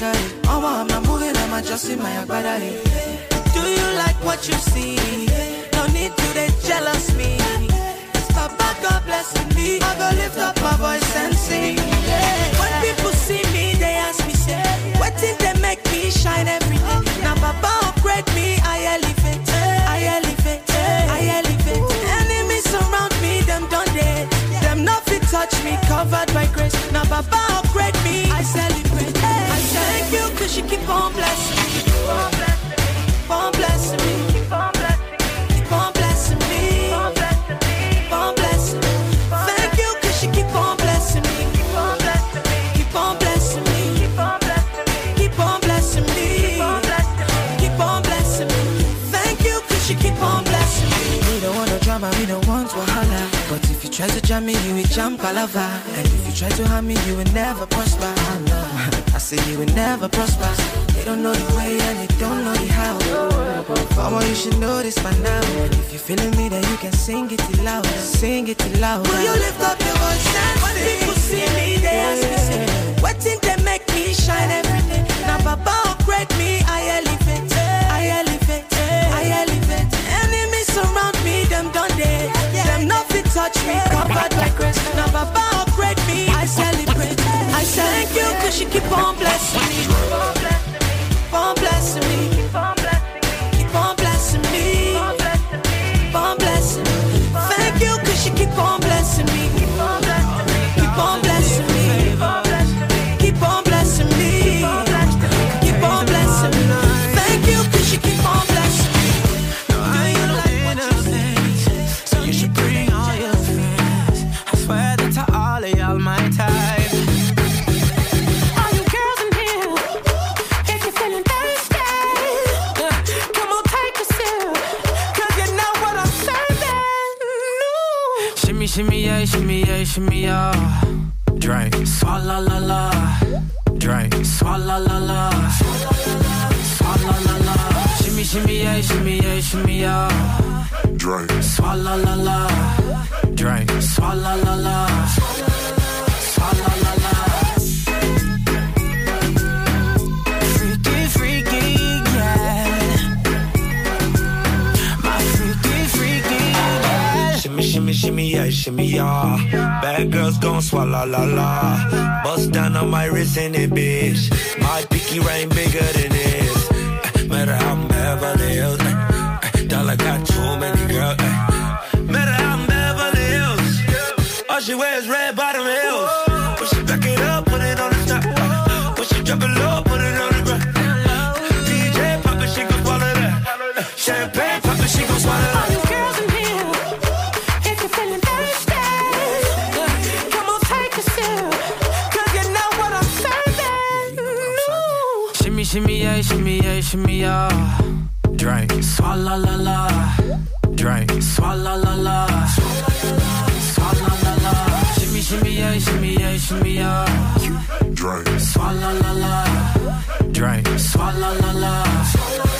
got it. Oh, I'm not moving, I'm adjusting Do you like what you see? No need to they jealous me. Papa God up, blessing me. I go lift up my voice and sing. When people see me, they ask me, say, what did they make me shine every day? Now, Baba, upgrade me, I elevate, I elevate, I elevate. Enemies surround me, them done dead. Them nothing touch me, covered by grace. Now, Baba, upgrade me, I said. Cause you keep on blessing me. Keep on blessing me. Keep on blessing me. Keep on blessing me. Keep on blessing me. Keep on blessing me. Thank you, cause you keep on blessing me. Keep on blessing me. Keep on blessing me. Keep on blessing me. Keep on blessing me. Keep on blessing me. Thank you, cause you keep on blessing me. We don't want no drama, we don't want wahala. But if you try to jam me, you will jump palava. And if you try to harm me, you will never prosper say you will never prosper. They don't know the way and they don't know the how. Mama, you should know this by now. If you're feeling me, then you can sing it loud. Sing it loud. Will you lift up your voice and When people see me, they ask me, say, what think they make me shine every day? Now, Papa upgrade me, I elevate, I elevate, I elevate. Enemies surround me, them done dead. Them nothing touch me, covered like grace. Now, Papa upgrade me, I celebrate. Thank you, cause you keep on blessing me. Keep on blessing me. shimmy, yeah, shimmy, yeah. Drink. Swalla la la. Drink. Swalla la la. Swalla la la. Shimmy, shimmy, yeah, shimmy, yeah, shimmy, yeah. Drink. Swalla la la. Drink. Swalla la la. shimmy a shimmy Bad girls gon' swallow la la. Bust down on my wrist in it, bitch. My pinky ring bigger than this. Eh, matter how I'm Beverly Hills. Eh, eh. dollar got too many girls. Matter how I'm Beverly Hills. All she wears red bottom heels. When she back it up, put it on the top. When she drop it low, put it on the ground. DJ pop it, she gon' swallow that. Champagne pop it, she gon' swallow that. shimmy yeah, shimmy yeah, shimmy yeah. Drink, swalla la la. Drink, swalla la la. Swalla la la. Shimmy shimmy yeah, shimmy yeah, shimmy yeah. Drink, swalla la la. Drink, swalla la la.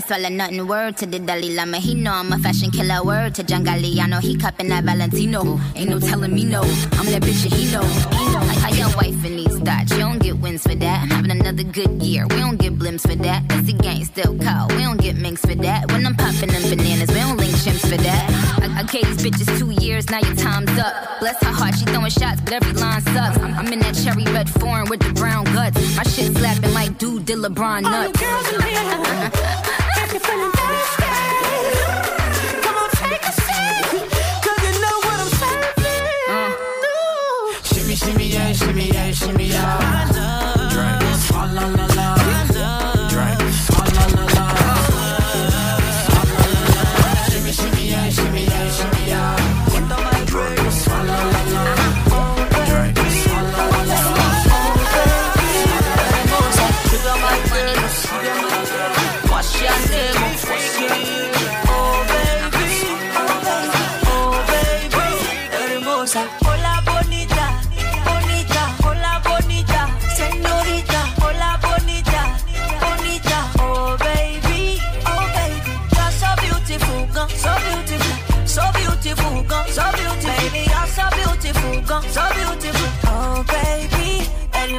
finna swallow nothing. Word to the Dalai Lama, he know I'm a fashion killer. Word to I know he cupping that Valentino. Ain't no telling me no. I'm that bitch and he know. Like how your wife and thoughts. You don't get wins for that. I'm having another good year. We don't get blimps for that. It's the gang still cold. We don't get minks for that. When I'm popping them bananas, we don't link chimps for that. I, I gave these bitches two years, now your time's up. Bless her heart, she throwing shots, but every line sucks. I'm, I'm in that cherry red foreign with the brown guts. My shit slapping like dude did LeBron nuts. All the girls in come on, take a you know what I'm uh. Shimmy, shimmy, shimmy yeah, shimmy yeah. I love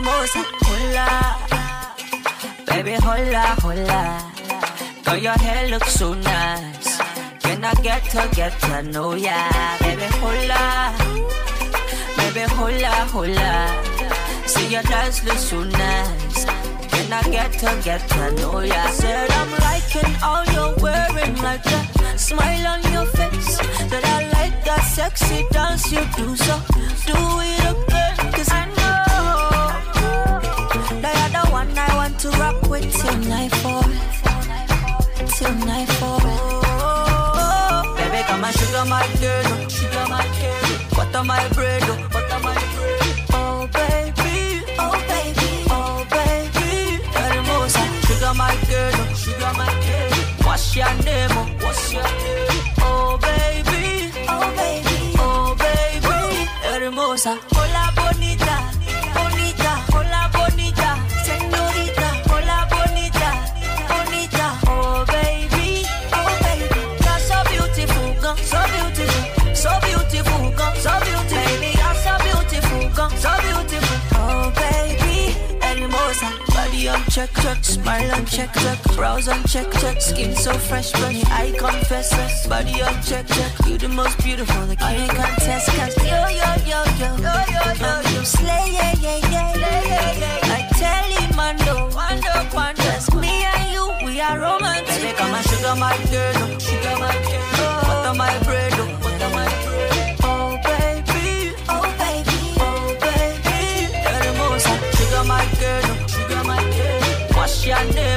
moves. Hola, baby, hola, hola. Girl, your hair looks so nice. Can I get to get to know ya, baby? Hola, baby, hola, hola. See your dress looks so nice. Can I get to get to know ya? Said I'm liking all you're wearing, like that smile on your face. That I like that sexy dance you do, so do it again, cause I know one I want to rock with till nightfall, till nightfall. Oh, baby, come and sugar my girl, sugar my girl, butter my bread, butter my bread. Oh baby, oh baby, oh baby, hermosa, sugar my girl, sugar my girl. What's your name? What's your name? Oh baby, oh baby, oh baby, hermosa. check, check, smile and check, check, brows and check, check, skin so fresh, fresh, I confess, yes, body on check, check, you the most beautiful, like I ain't contest, cause yo, yo, yo, yo, yo, yo, yo, yo, slay, yeah, yeah, yeah, yeah, yeah, I tell him, I know, I know, I just me and you, we are romantic, baby, come and sugar my girl, sugar my girl, butter my bread, Yeah.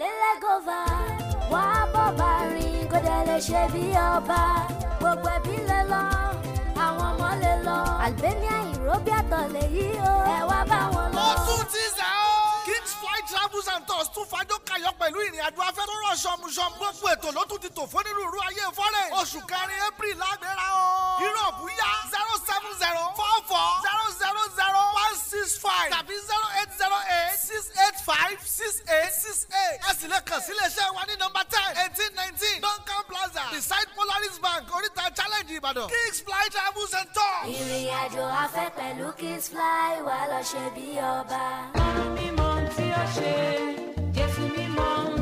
lélẹ́gọ́fà wà á bọ̀ bá rìn kó dẹ̀ lè ṣe bí ọba gbogbo ẹbí lè lọ àwọn ọmọ lè lọ Albania Europe àtọ̀ lè yí o ẹ wá bá wọn lọ. mo tún ti zà ó. Kings Flight Travels and Tours tún fàájò kayọ̀ pẹ̀lú ìrìn afẹ́ tó rọ̀ ṣọmuṣọmu gbogbo ètò ló tún ti tò fún onírúurú ayé fọ́lẹ̀ oṣù kẹrin April lágbèrè o. Europe yá zero seven zero four four zero zero zero one six five tàbí zero five six eight six eight ẹ sì lè kàn sí wa ní nọ́mbà ten eighteen nineteen duncan plaza beside polaris bank oríta challenge ìbàdàn kings fly travels and tours. ìrìn àjò afẹ́ pẹ̀lú kings fly wà lọ ṣe bí ọba. mímọ́ tí ó ṣe jésù mímọ́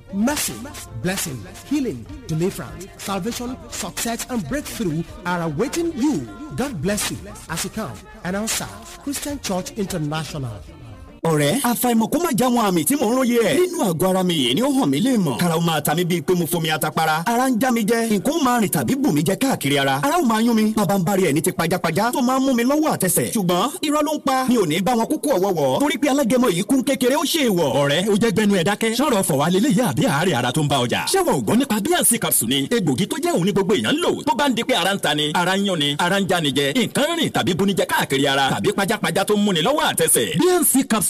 Mercy, blessing, healing, deliverance, salvation, success, and breakthrough are awaiting you. God bless you as you come and answer Christian Church International. ọ̀rẹ́ àfàìmọ̀ kó má já wọn àmì tí mò ń róye ẹ̀. nínú àgọ́ ara mi yìí ni ó hàn mí lè mọ̀. karaw máa ta mi bíi pé mo fomi atapara. ara ń já mi jẹ nǹkan máa rìn tàbí bù mí jẹ káàkiri ara. ara ò máa yún mi. bàbá ń bari ẹ̀ ní ti pajápajá tó máa ń mú mi lọ́wọ́ àtẹsẹ̀. ṣùgbọ́n irọ́ ló ń pa. mi ò ní bá wọn kúkú ọ̀wọ́wọ́. torí pé alágẹmọ yìí kún kékeré ó ṣe ìwọ̀. ọ̀rẹ́ o jẹ́ gbẹnu ẹ̀ dákẹ́. sọ̀rọ̀ fọ̀ wá lélẹ́ yá àbí àárẹ̀ ara tó ń bá ọjà. ṣẹ́wọ̀ ògbọ́n nípa bíyànsì capsule ni egbògi tó jẹ́ òun ní gbogbo èèyàn ń lò tó bá ń di pé ara ń ta ni ara ń yún ni ara ń já ni jẹ nǹkan rìn tàbí bunijẹ káàkiri ara tàbí pajápajá tó ń múni lọ́wọ́ àtẹsẹ̀. bíyànsì capsule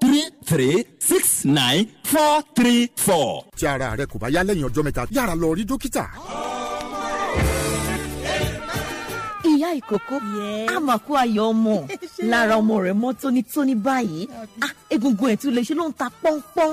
three three six nine four three four. tí ara rẹ kò bá yá lẹ́yìn ọjọ́ mẹ́ta yára lọ rí dókítà. ìyá ìkókó àmàkù ayọ̀ ọmọ lára ọmọ rẹ̀ mọ́ tónítóní báyìí ah, egungun ẹ̀ lè ṣe ló ń ta pọ́npọ́n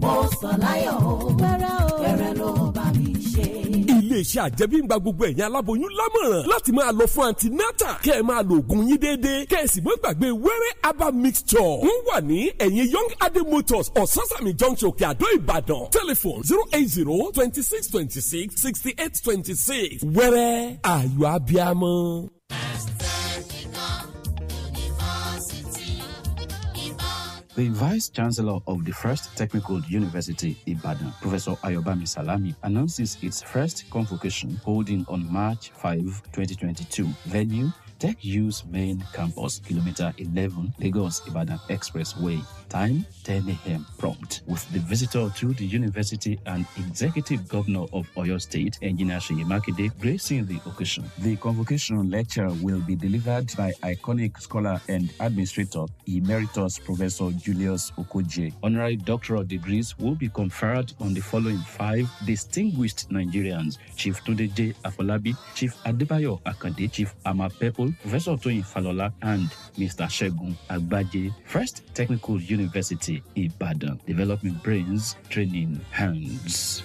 mo sọ láyọ̀ o fẹ́rẹ́ o fẹ́rẹ́ ló bá mi ṣe. iléeṣẹ́ àjẹmíngba gbogbo ẹ̀yin aláboyún lámọ̀ràn láti máa lọ fún antinata kẹ́ ẹ máa lo oògùn yín déédéé kẹ́ ẹ sì mọ́ gbàgbé wẹ́rẹ́ aba mixture ń wà ní ẹ̀yìn young adé motors ososani junction òkè àdó ìbàdàn telephone zero eight zero twenty six twenty six sixty eight twenty six wẹ́rẹ́ ayọ̀ abiamọ. The Vice Chancellor of the First Technical University, Ibadan, Professor Ayobami Salami, announces its first convocation holding on March 5, 2022. Venue Tech U's main campus, kilometer 11, Lagos Ibadan Expressway. Time 10 a.m. prompt. With the visitor to the university and executive governor of Oyo State, Engineer Shimakide, gracing the occasion. The convocation lecture will be delivered by iconic scholar and administrator, Emeritus Professor Julius Okoje. Honorary doctoral degrees will be conferred on the following five distinguished Nigerians Chief Tunde J. Afolabi, Chief Adebayo Akande, Chief Ama Pepple, Professor Toyin Falola, and Mr. Shegun Agbaje, First Technical University, Ibadan, developing brains, training hands.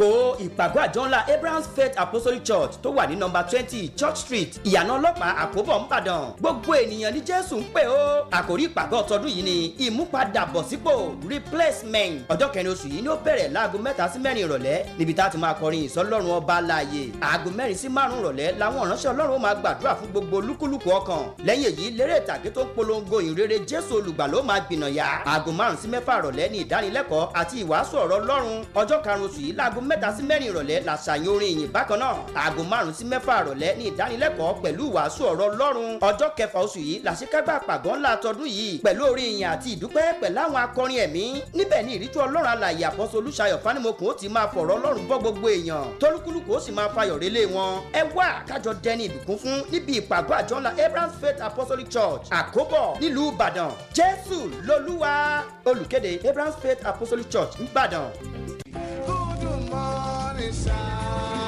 lẹ́kọ̀ọ́ ìpàgọ́ àjọ ńlá Abraham's Faith Apostolic Church tó wà ní nọ́mbà twenty Church Street ìyànà ọlọ́pàá àkóbọ̀ ńbàdàn gbogbo ènìyàn ní Jésù ń pè ó àkòrí ìpàgọ́ tọdún yìí ni ìmúpadàbọ̀sípò replacement ọjọ́ kẹrin oṣù yìí ni ó bẹ̀rẹ̀ láago mẹ́ta sí mẹ́rin ìrọ̀lẹ́ níbi tá a ti máa kọrin ìsọlọ́run ọba láàyè aago mẹ́rin sí márùn-ún ìrọ̀lẹ́ làwọn ìránṣẹ́ ọlọ́run máa gbàdúrà fún gbogbo olúkúlùkù ọkàn lẹ́yìn èyí lérè ìtàgé tó ń polongo ìrere Jésù olùgbà ló máa gbìnàyà aago márùn-ún sí mẹ́fà ìrọ̀lẹ́ ni ìdánilẹ́kọ̀ọ́ àti ìwàásù ọ̀rọ̀ ọlọ́run ọjọ́ karùn-ún oṣù yìí láago mẹ́ta sí mẹ́rin ìrọ̀lẹ́ làṣàyàn orin ìyìn bákan náà aago márùn-ún sí mẹ́fà ìrọ̀lẹ́ ní ìdánilẹ́kọ̀ọ́ pẹ̀lú ìwàásù ọ̀rọ̀ Ọlọ́run ọjọ́ kẹfà oṣù yìí làṣekágbà pàgọ́ ńlá tọdún yìí pẹ̀lú orin ìyìn àti ìdúpẹ́ pẹ̀lú àwọn akọrin ẹ̀mí níbẹ̀ ni ìríjú Ọlọ́run alàyè àpọ́sọ Olúṣayọ̀ Fánimokùn ó ti máa fọ̀rọ̀ Ọlọ́run bọ́ gbogbo èèyàn tólúkúlùkù ó sì máa fayọ̀ relé wọn ẹ wá kájọ dẹni ìbùkún fún Abraham's Faith Apostolic Church àkóbọ̀ nílùú Ìbàdàn Jésù lolúwa olùkéde Abraham's Faith Apostolic Church ńbàdàn. inside.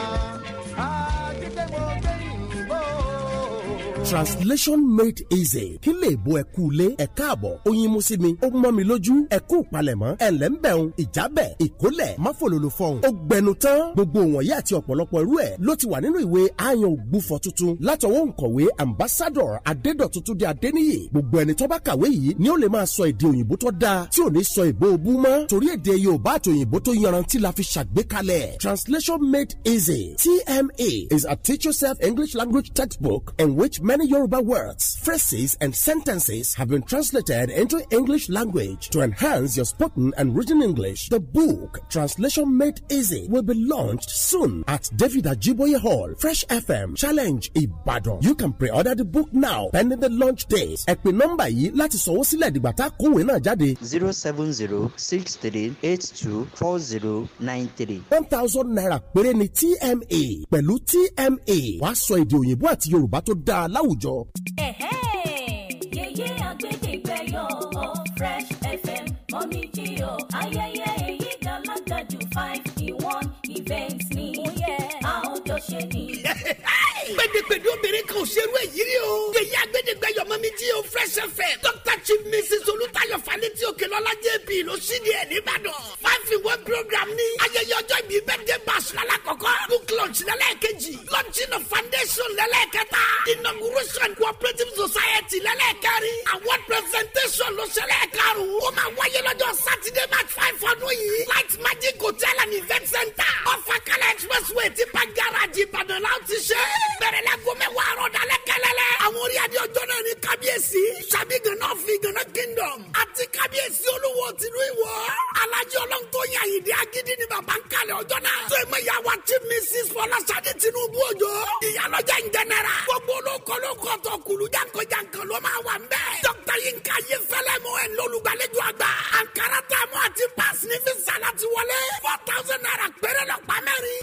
translation made easy kí lè bo ẹ kú lé ẹ káàbọ̀ oyin mú sí mi ó mọ́ mi lójú ẹ kú palẹ̀mọ́ ẹ ǹlẹ́ ń bẹ̀rùn ìjábẹ̀ ìkólẹ̀ máfòlòlò fọhùn ó gbẹnu tán gbogbo wọ̀nyí àti ọ̀pọ̀lọpọ̀ irú ẹ̀ ló ti wà nínú ìwé ayan ògbúfọ̀ tuntun látọwọ́ nkọ̀wé ambassador adédọ̀tuntun di adéníyè gbogbo ẹni tó bá kàwé yìí ni ó lè máa sọ èdè òyìnbó tó dáa tí ò ní sọ èbó òbú mọ́ torí èdè yorùbá àti òyìnbó tó yanrantí la fi ṣàgbékalẹ̀ translation made easy tma is a teach yourself english language textbook in which many many Yoruba words, phrases, and sentences have been translated into English language to enhance your spoken and written English. The book, Translation Made Easy, will be launched soon at David Ajiboye Hall, Fresh FM, Challenge Ibadan. You can pre-order the book now pending the launch date. Ẹ pè nọ́mbà yìí láti sanwó sílẹ̀ dìgbà na jade kówé náà zero seven zero six three eight two four zero nine three. one thousand naira péré ni TMA pẹ̀lú TMA wàá sọ èdè òyìnbó àti Yorùbá tó dáa láwùjọ. láwùjọ. ẹ̀hẹ́ yeye agbẹ́dẹ́gbẹ́yọ̀ ọ Fresh FM mọ́mí jí o ayẹyẹ èyí gàlágàjù five in one event ni àwọn oh, jọ ṣe ni. gbẹdẹgbẹdẹ obìnrin kan ò ṣerú èyí rí o. yèyí agbẹdẹgbẹ yọmọ mi jí o fresh fm. dr chief mrs olùtayọ falẹtí òkè lọlá jp ló ṣí di ẹ nìbàdàn. five in one program ní. ayẹyẹ ọjọ́ ìbí birthday bash lálàkọ́kọ́. book launch lẹ́lẹ́kejì. launching of foundation lẹ́lẹ́kẹta. inauguration cooperative society lẹ́lẹ́kẹrin. award presentation ló ṣẹlẹ̀ karùn-ún. ó máa wáyé lọ́jọ́ saturday march five ọdún yìí. light magic hotel and event center. ọ̀fà kala expressway ti pa garaji ìbàdàn láti ṣe bẹ̀rẹ̀ la gomẹ wa arọ dalẹ àwọn orí adé ọjọ́ náà ni kábíyèsí. sabi gana fi gana kingdom. àti kábíyèsí olúwo tìlú ìwọ. alajẹ ọlọ́run tó yàn agídí ni bàbá ń kalẹ̀ ọjọ́ náà. tó ìmọ̀ ìyàwó àti mrs fọlásadé tinubu òjò. ìyálọ́jà ń jẹnẹra. gbogbo olókòlókò tó kulu jankan-jankan ló máa wà ń bẹ́ẹ̀. dókítà yìí ń ka yé fẹ́lẹ́ mọ́ ẹ̀ lọ́lùgbàlejò àgbà. ankara tààmú àti pass ní fi sàlá ti wọlé. four thousand naira péré lọ pamẹ́rin.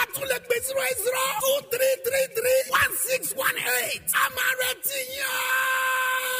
aṣọ lẹ́gbẹ̀ẹ́ zero eight zero two oh three three three one six one eight. a máa retí yín.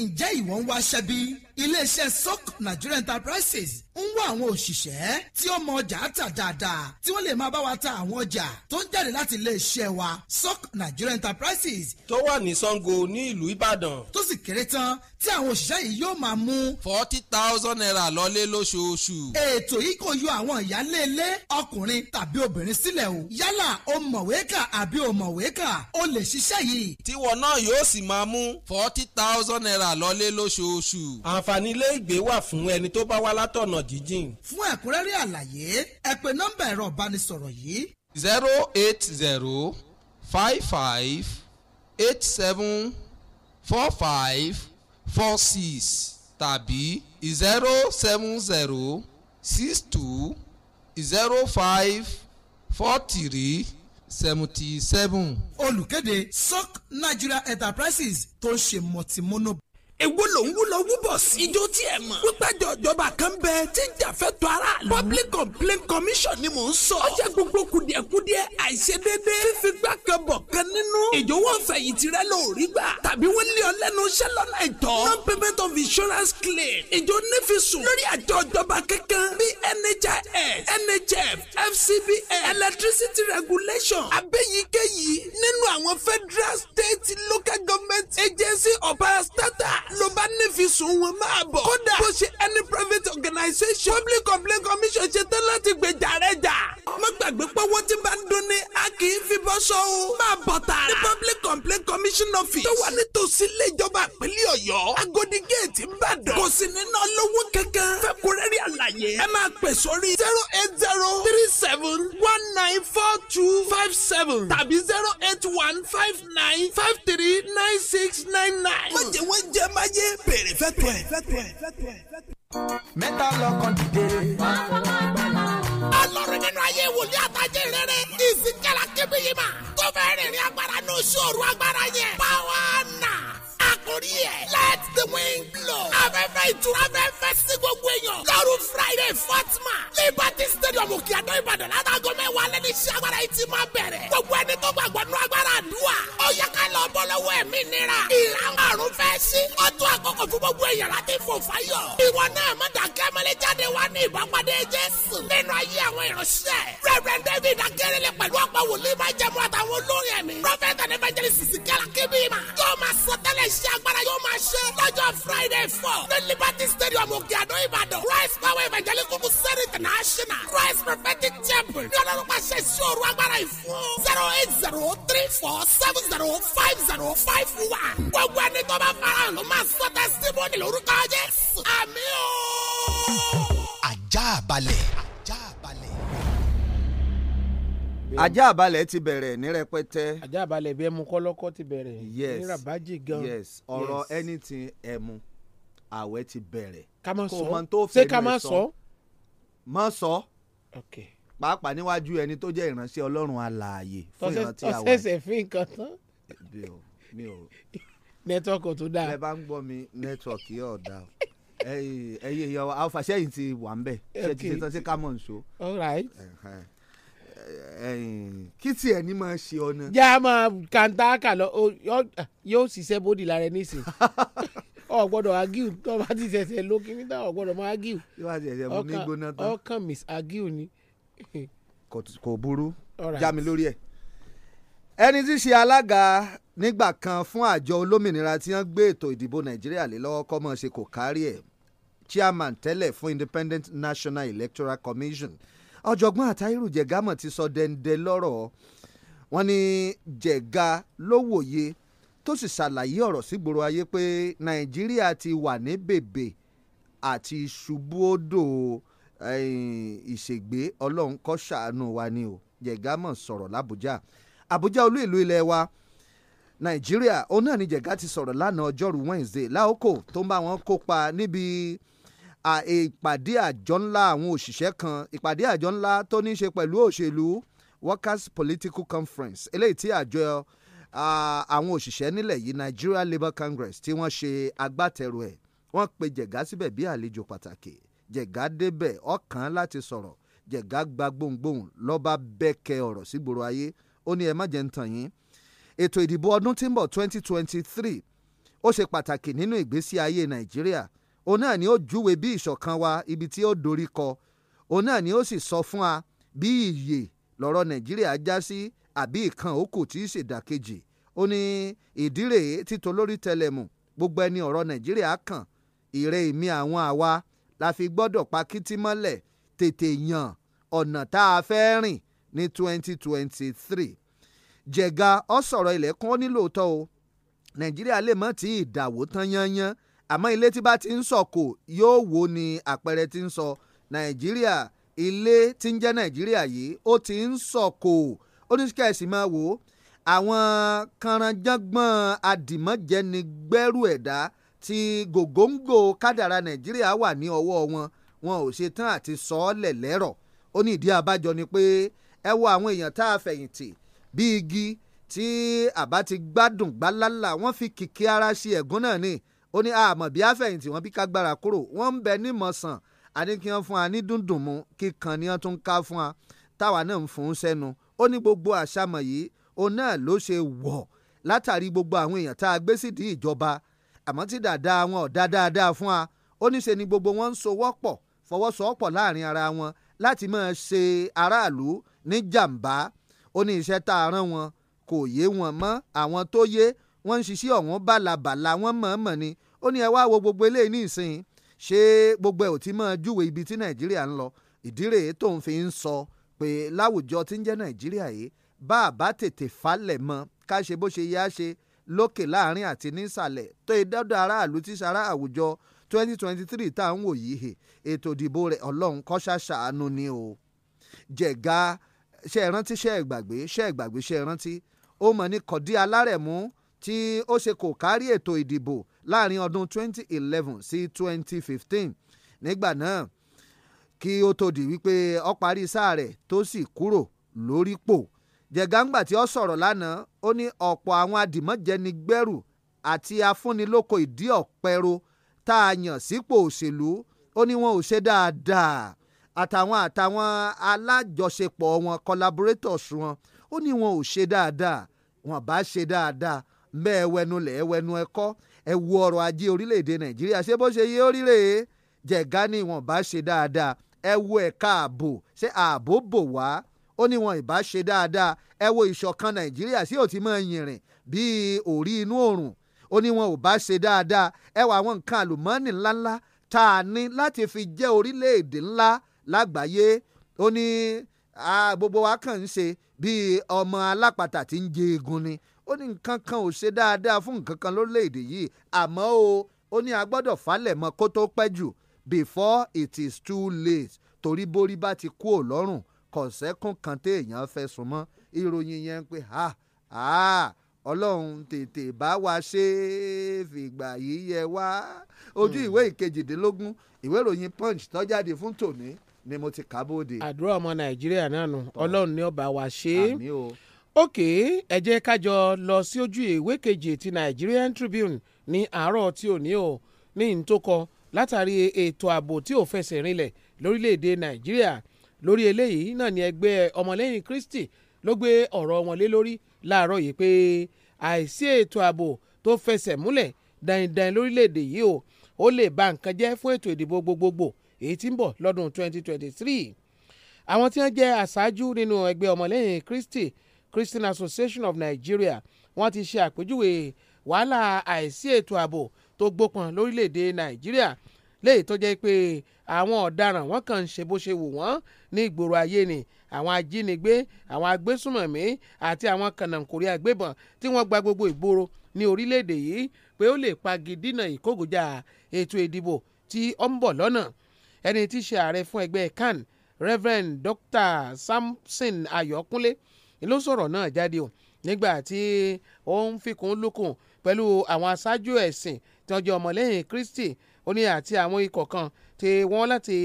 ǹjẹ́ ìwọ ń wá ṣẹ́bí? iléeṣẹ́ soc Nigeria Enterprises ń wá àwọn òṣìṣẹ́ tí ó mọ ọjà tà dáadáa tí wọ́n lè máa bá wa ta àwọn ọjà tó ń jáde láti iléeṣẹ́ wa soc Nigeria Enterprises. tó wà ní Sango ní ìlú Ìbàdàn. tó sì kéré tán tí àwọn òṣìṣẹ́ yìí yóò máa mú. forty thousand naira lọ́lé lóṣooṣù. ètò yìí kò yọ àwọn ìyálé ilé ọkùnrin tàbí obìnrin sílẹ̀ o yálà o mọ̀wé kà àbí o mọ̀wé kà o lè ṣiṣẹ́ yìí. tíwọ náà yóò sì máa mú forty thousand naira náírà lọ́lé lóṣooṣù. àǹfààní ilé ìgbé wà fún ẹni tó bá wá látọ̀nà jíjìn. fún ẹ̀kúnrẹ́rẹ́ àlàyé ẹ pe nọ́mbà ẹ̀rọ ìbánisọ̀rọ̀ yìí. zero eight zero five five eight seven four five four six tàbí zero seven zero six two zero five four three seventy seven. olùkéde soc nigeria enterprises tó ń ṣe mọ̀tìmọ́nà èwo ló ń wúlọ wúbọ̀ sí. ijó tí ẹ mọ̀. wípéjọ ìjọba kan bẹ tí ń ara lù. public complaint commission ni mò ń sọ. ó jẹ́ gbogbo kùdìẹ̀kudiẹ àìṣedéédé. fífi gbá kan bọ̀ kan nínú. ìjọ̀wọ́ fẹ̀yìntì rẹ ló rí gbà. tàbí wọ́n lé ọ lẹ́nu iṣẹ́ lọ́nà ìtọ́. non payment of insurance claim. ìjọ nífisùn. lórí àjọ ìjọba kankan. bí NHIS NHF FCBN electricity regulation. abéyíkéyìí nínú àwọn federal state local government agency of parastatal ló bá nífi sùn wọn máa bọ̀. kódà bó ṣe any private organisation public complaint commission ṣe tán láti gbèjà rẹ̀ jà. má gbàgbé pọ́wọ́ tí bá ń dún ní a kì í fi bọ́ sọ o. máa bọ̀ tààrà. ní public complaint commission office. tó wà nítòsí ilé ìjọba ìpínlẹ̀ ọ̀yọ́. agodi géètì ń bàdàn. kò sì nínú olówó kankan. fẹ́kúrẹ́rì àlàyé. ẹ máa pè sórí zero eight zero three seven one nine four two five seven tàbí zero eight one five nine five three nine six nine nine. má jẹ́ wọ́n jẹ́ máyé bèrè fẹ́tọ̀ ẹ̀. mẹ́ta lọ́kàn dìde. ọlọ́run nínú ayé wòlíì àtàjẹ́ rere ìsìnkẹ́lá kébìyìmá tó fẹ́ rìnrìn agbára ní oṣù òru agbára yẹn. báwa náà àkórí ẹ̀. let the wind blow. afẹ́fẹ́ ìtura fẹ́fẹ́ sí gbogbo èèyàn. lọ́rùn friday fatma. liberty stadium òkè àdó ìbàdàn látago mẹ́wàá lẹ́ni iṣẹ́ agbára yìí ti máa bẹ̀rẹ̀. gbogbo ẹni tó gbàgbọ́ nú agbára àdúrà. ó yẹ ká lọ bọ́ lọ́wọ́ ẹ̀mí nira. ìlànà àrùn fẹ́ sí. ó tó àkókò fún gbogbo èèyàn láti fò fáyọ̀. ìwọ náà má dàgẹ́ mẹ́lẹ́ jáde wá ní ìbápadé jésù. nínú ayé àwọn ìránṣẹ́. reverend david akérèlé pẹ̀lú ọ̀pọ̀ wòlíì máa jẹ́mu àtàwọn olórin ẹ̀mí. prophet and evangelist sikala kébìmá agbára yóò máa ṣe lọ́jọ́ Friday four ní Liberty Stadium òkè àdó Ìbàdàn Christ Power Evangelical Crusade International Christ Prophetic Chapel ní ọlọ́run pàṣẹ ìṣòro agbára ìfún zero eight zero three four seven zero five zero five one gbogbo ẹni tó bá farahàn ló máa sọ tẹ́sítímọ́nì lórúkọ Jésù àmín o. ajá balẹ̀ ajá balẹ̀ ti bẹ̀rẹ̀ ní rẹpẹtẹ. ajá balẹ̀ bí ẹmu kọ́lọ́kọ́ ti bẹ̀rẹ̀ yes nira bájì gan. yes ọ̀rọ̀ yes. anything ẹmu àwẹ̀ ti bẹ̀rẹ̀. ká má sọ ṣé ká má sọ. má sọ. ok pàápàá níwájú ẹni tó jẹ́ ìránṣẹ́ Ọlọ́run alààyè fún ìrántí àwẹ̀. ọ̀sẹ̀sẹ̀ fi nǹkan tán. nẹ́tọ́ọ̀kì tó dáa. ẹ bá ń gbọ́ mi nẹ́tọ́ọ̀kì yóò dáa ẹyẹ yọ alfa sẹyìn ti wà ń bẹ ṣe ti ṣe tán sí kámọ̀ nṣó. all right kí tiẹ̀ ní máa ṣe ọ̀nà. já a máa kàńtàkà lọ yóò ṣiṣẹ́ bódì lára ẹ nísìnyí ọ gbọ́dọ̀ agiu tó bá ti ṣẹ̀ṣẹ̀ ló kíní tá gbọ́dọ̀ mọ agiu. yóò wá ọkàn miss agiu ni. kò burú já mi lórí ẹ̀. ẹni tí í ṣe alága nígbà kan fún àjọ olómìnira tí wọ́n gbé ètò ìdìbò nàìjíríà lé lọ́wọ́ kọ́ ṣe kò kárí ẹ̀ chairman tẹ́lẹ̀ fún Independent National Electoral Commission ọ̀jọ̀gbọ́n àtàírù jẹ̀gá mọ̀ ti sọ dẹ́ndẹ́ lọ́rọ̀ wọn ni jẹ̀gá ló wòye tó sì ṣàlàyé ọ̀rọ̀ sígboro ayé pé nàìjíríà ti wà ní bèbè àti ṣubú odò ìṣègbè ọlọ́run kó ṣàánú wa ni o jẹ̀gá mọ̀ sọ̀rọ̀ làbújá àbújá olú ìlú ilẹ̀ wa nàìjíríà òun náà ni jẹ̀gá ti sọ̀rọ̀ lánàá ọjọ́rú Wednesday láòkò tó ń bá wọn kópa níbi ìpàdé àjọ ńlá àwọn òṣìṣẹ́ kan ìpàdé àjọ ńlá tó ní í ṣe pẹ̀lú òṣèlú workers political conference eléyìí tí àjọ àwọn òṣìṣẹ́ nílẹ̀ yìí Nigeria Labour Congress tí wọ́n ṣe agbátẹrù ẹ̀ wọ́n pe jẹ̀gá síbẹ̀ bí àlejò pàtàkì jẹ̀gá débẹ̀ ọ̀kan láti sọ̀rọ̀ jẹ̀gá gba gbohùngbohùn lọ́ba bẹ́kẹ̀ ọ̀rọ̀ sígboro ayé ó ní ẹ má jẹ́ ń tàn yín ètò ìdìbò ọdún tí ń bọ̀ 2023 ó ṣe pàtàkì nínú ìgbésí ayé Nàìjíríà òun náà ni ó júwe bí ìṣọ̀kan wa ibi tí ó dorí kọ òun náà ni ó sì sọ fún wa bí ìyè lọ́rọ̀ nàìjíríà já sí àbí ìkan òkú tí í ṣèdàkejì ó ní ìdírè títo lórí tẹlẹmù gbogbo ẹni ọ̀rọ̀ nàìjíríà kàn ìrẹ ìmí àwọn àwa la fi gbọ́dọ̀ pa kítí mọ́lẹ̀ tètè yàn ọ̀nà tá a fẹ́ rìn ní 2023 jẹ̀ga ọ sọ̀rọ̀ ilẹ̀kùn ó ní lóòótọ́ o nàìjíríà lè mọ̀ tí ìdàwó tán yányán àmọ́ ilé tí bá ti ń sọ̀kò yóò wó ni àpẹẹrẹ ti ń sọ nàìjíríà ilé tí ń jẹ́ nàìjíríà yìí ó ti ń sọ̀kò oníṣẹ́kẹ̀sì máa wò ó àwọn kànránjọ́gbọ́n adìmọ́jẹni gbẹ́rù ẹ̀dá tí gògóńgò kádàrá nàìjíríà wà ní ọwọ́ wọn wọn ò ṣe tán àti sọ ọ́ lẹ̀ ó ní ìdí abájọ ni pé ẹ wo àwọn èèyàn tá a fẹ̀yìntì bí igi tí àbá ti gbádùn gbálálà wọ́n fi kìkì ara ṣe ẹ̀gún náà ni ó ní àmọ́ bí àfẹ̀yìntì wọn bí kágbára kúrò wọ́n ń bẹ nímọ̀sán àní kí wọ́n fún wa ní dúndùn mu kíkan ni wọ́n tún ká fún wa táwa náà ń fún un sẹ́nu ó ní gbogbo àṣàmọ̀ yìí òun náà ló ṣe wọ̀ látàrí gbogbo àwọn èèyàn tá a gbé sídìí ìjọba àmọ́ tí dàda wọn ò dá dáadáa fún wa ó ní ṣe ni gbogbo wọn ń sowọ́ pọ̀ fọwọ́sowọ́pọ̀ láàrin ara wọn láti máa ṣe aráàlú ní jàǹbá ó ní iṣẹ́ tá a rán wọn kò yé wọn mọ́ àwọn tó yé wọ́n ń ṣiṣẹ́ ọ̀hún bàlàbàlà wọ́n mọ̀ọ́mọ̀ ni ó ní ẹ wá wo gbogbo eléyìí ní ìsìn ṣé gbogbo ẹ̀ ò ti máa júwe ibi tí nàìjíríà ń lọ ìdí rèé tó ń fi ń sọ pé láwùjọ tí ń jẹ́ nàìjíríà yìí bá a bá tètè falẹ̀ mọ́ ká ṣe bó ṣe yá ṣe lókè láàrin àti nísàlẹ̀ tó e dọ́dọ̀ aráàlú tí sara àwùjọ 2023 tá à ń wò yìí hè ètò ìdìbò rẹ̀ ọlọ́run kọ́ ṣàṣàánú ni o jẹ̀ga ṣe é rántí ṣe é gbàgbé ṣe é gbàgbé ṣe é rántí ó mọ̀ ní kọ̀dí alárẹ̀mú tí ó ṣe kò kárí ètò ìdìbò láàrin ọdún 2011 sí 2015 nígbà náà kí ó tó di wípé ó parí sáà rẹ̀ tó sì kúrò lórípò jẹ̀gáǹgbà tí ó sọ̀rọ̀ lánàá ó ní ọ̀pọ̀ àwọn adìmọ́jẹnigbẹ́rù àti afúnilóko ìdí ọ̀pẹ̀rọ tá a yàn sípò òṣèlú ó ní wọn ò ṣe dáadáa àtàwọn àtàwọn alájọṣepọ̀ wọn collaborators wọn ó ní wọn ò ṣe dáadáa wọn bá ṣe dáadáa bẹ́ẹ̀ wẹnu lẹ̀ ẹ wẹnu ẹkọ́ ẹ wo ọrọ̀ ajé orílẹ̀-èdè nàìjíríà ṣé bó ṣe yé orílẹ̀ jẹ̀gá ni wọn bá ṣe dáadáa ẹ wo ẹ̀ka ààbò ṣé ààbò bò wá ó ní wọn ìbá ṣe dáadáa ẹ wo ìṣọ̀kan nàìjíríà sí òtí mọ́ yìnrìn bíi òrí inú òrùn ó ní wọn ò bá ṣe dáadáa ẹ wo àwọn nǹkan àlùmọ́ọ́nì ńláńlá tá a ní láti fi jẹ́ orílẹ̀-èdè ńlá lágbàáyé ó ní gbogbo wa kàn ń ṣe bíi ọmọ alápatà tí ń jẹ egun ni ó ní nǹkan kan ò ṣe dáadáa fún nǹkan kan lórílẹ̀‐èdè yìí àmọ́ o ó ní a gbọ́dọ̀ falẹ̀ mọ́ kó tó pẹ́ jù before it is too late torí borí bá ti kú ò lọ́rùn kọ̀sẹ́kùn kan téèyàn fẹ̀sùn mọ́ ìròyìn yẹn pé ha ha ọlọ́run tètè bá wa ṣe é fìgbà yìí yẹ wá ojú hmm. ìwé ìkejìdínlógún ìwé ìròyìn punch tó jáde fún tòní ni mo ti kà bóde. àdúrà ọmọ nàìjíríà náà nù ọlọ́run ni ó wa ṣe é òkè ẹ jẹ́ ká jọ lọ sí ojú ìwé keje ti Nigerian Tribune ní àárọ̀ tí ò ní o ní ìtòkọ látàrí ètò ààbò tí ò fẹsẹ̀ rinlẹ̀ lórílẹ̀‐èdè Nàìjíríà lórí eléyìí náà ni ẹgbẹ́ ọmọlẹ́yìn Kristi ló gbé ọ̀rọ̀ wọn lé lórí láàárọ̀ yìí pé àìsí ètò ààbò tó fẹsẹ̀ múlẹ̀ dandan lórílẹ̀‐èdè yìí o ó lè ba nǹkan jẹ́ fún ètò ìdìbò gbogbogbò èyí tí ń bọ̀ lọ́dún 2023 àwọn tí wọ́n jẹ́ aṣáájú nínú ẹgbẹ́ ọmọlẹ́yìn Kristi Christian Association of Nigeria wọ́n ti ṣe àpèjúwe wàhálà àìsí ètò ààbò tó gbópọn lórílẹ̀‐èdè Nàìjíríà léyìí tó jẹ́ pé àwọn ọ̀daràn wọ́n kàn ń ṣe bó ṣe wù wọ́n ní ìgboro ayé ni àwọn ajínigbé àwọn agbésùmọ̀mí àti àwọn kànáńkórí agbébọn tí wọ́n gba gbogbo ìgboro ní orílẹ̀-èdè yìí pé ó lè pagidínà ìkógojà ètò ìdìbò tí ó ń bọ̀ lọ́nà ẹni tí í ṣe ààrẹ fún ẹgbẹ́ CAN Reverend Dr. Samson Ayọ̀kúnlé ló sọ̀rọ̀ náà jáde o nígbà tí ó ń fikùn lukùn pẹ̀lú àwọn aṣáájú ẹ̀sìn tí wọ́n jẹ́ ọmọlẹ́yìn Kristi ó ní àti àwọn ikọ̀ kan tí wọ́n láti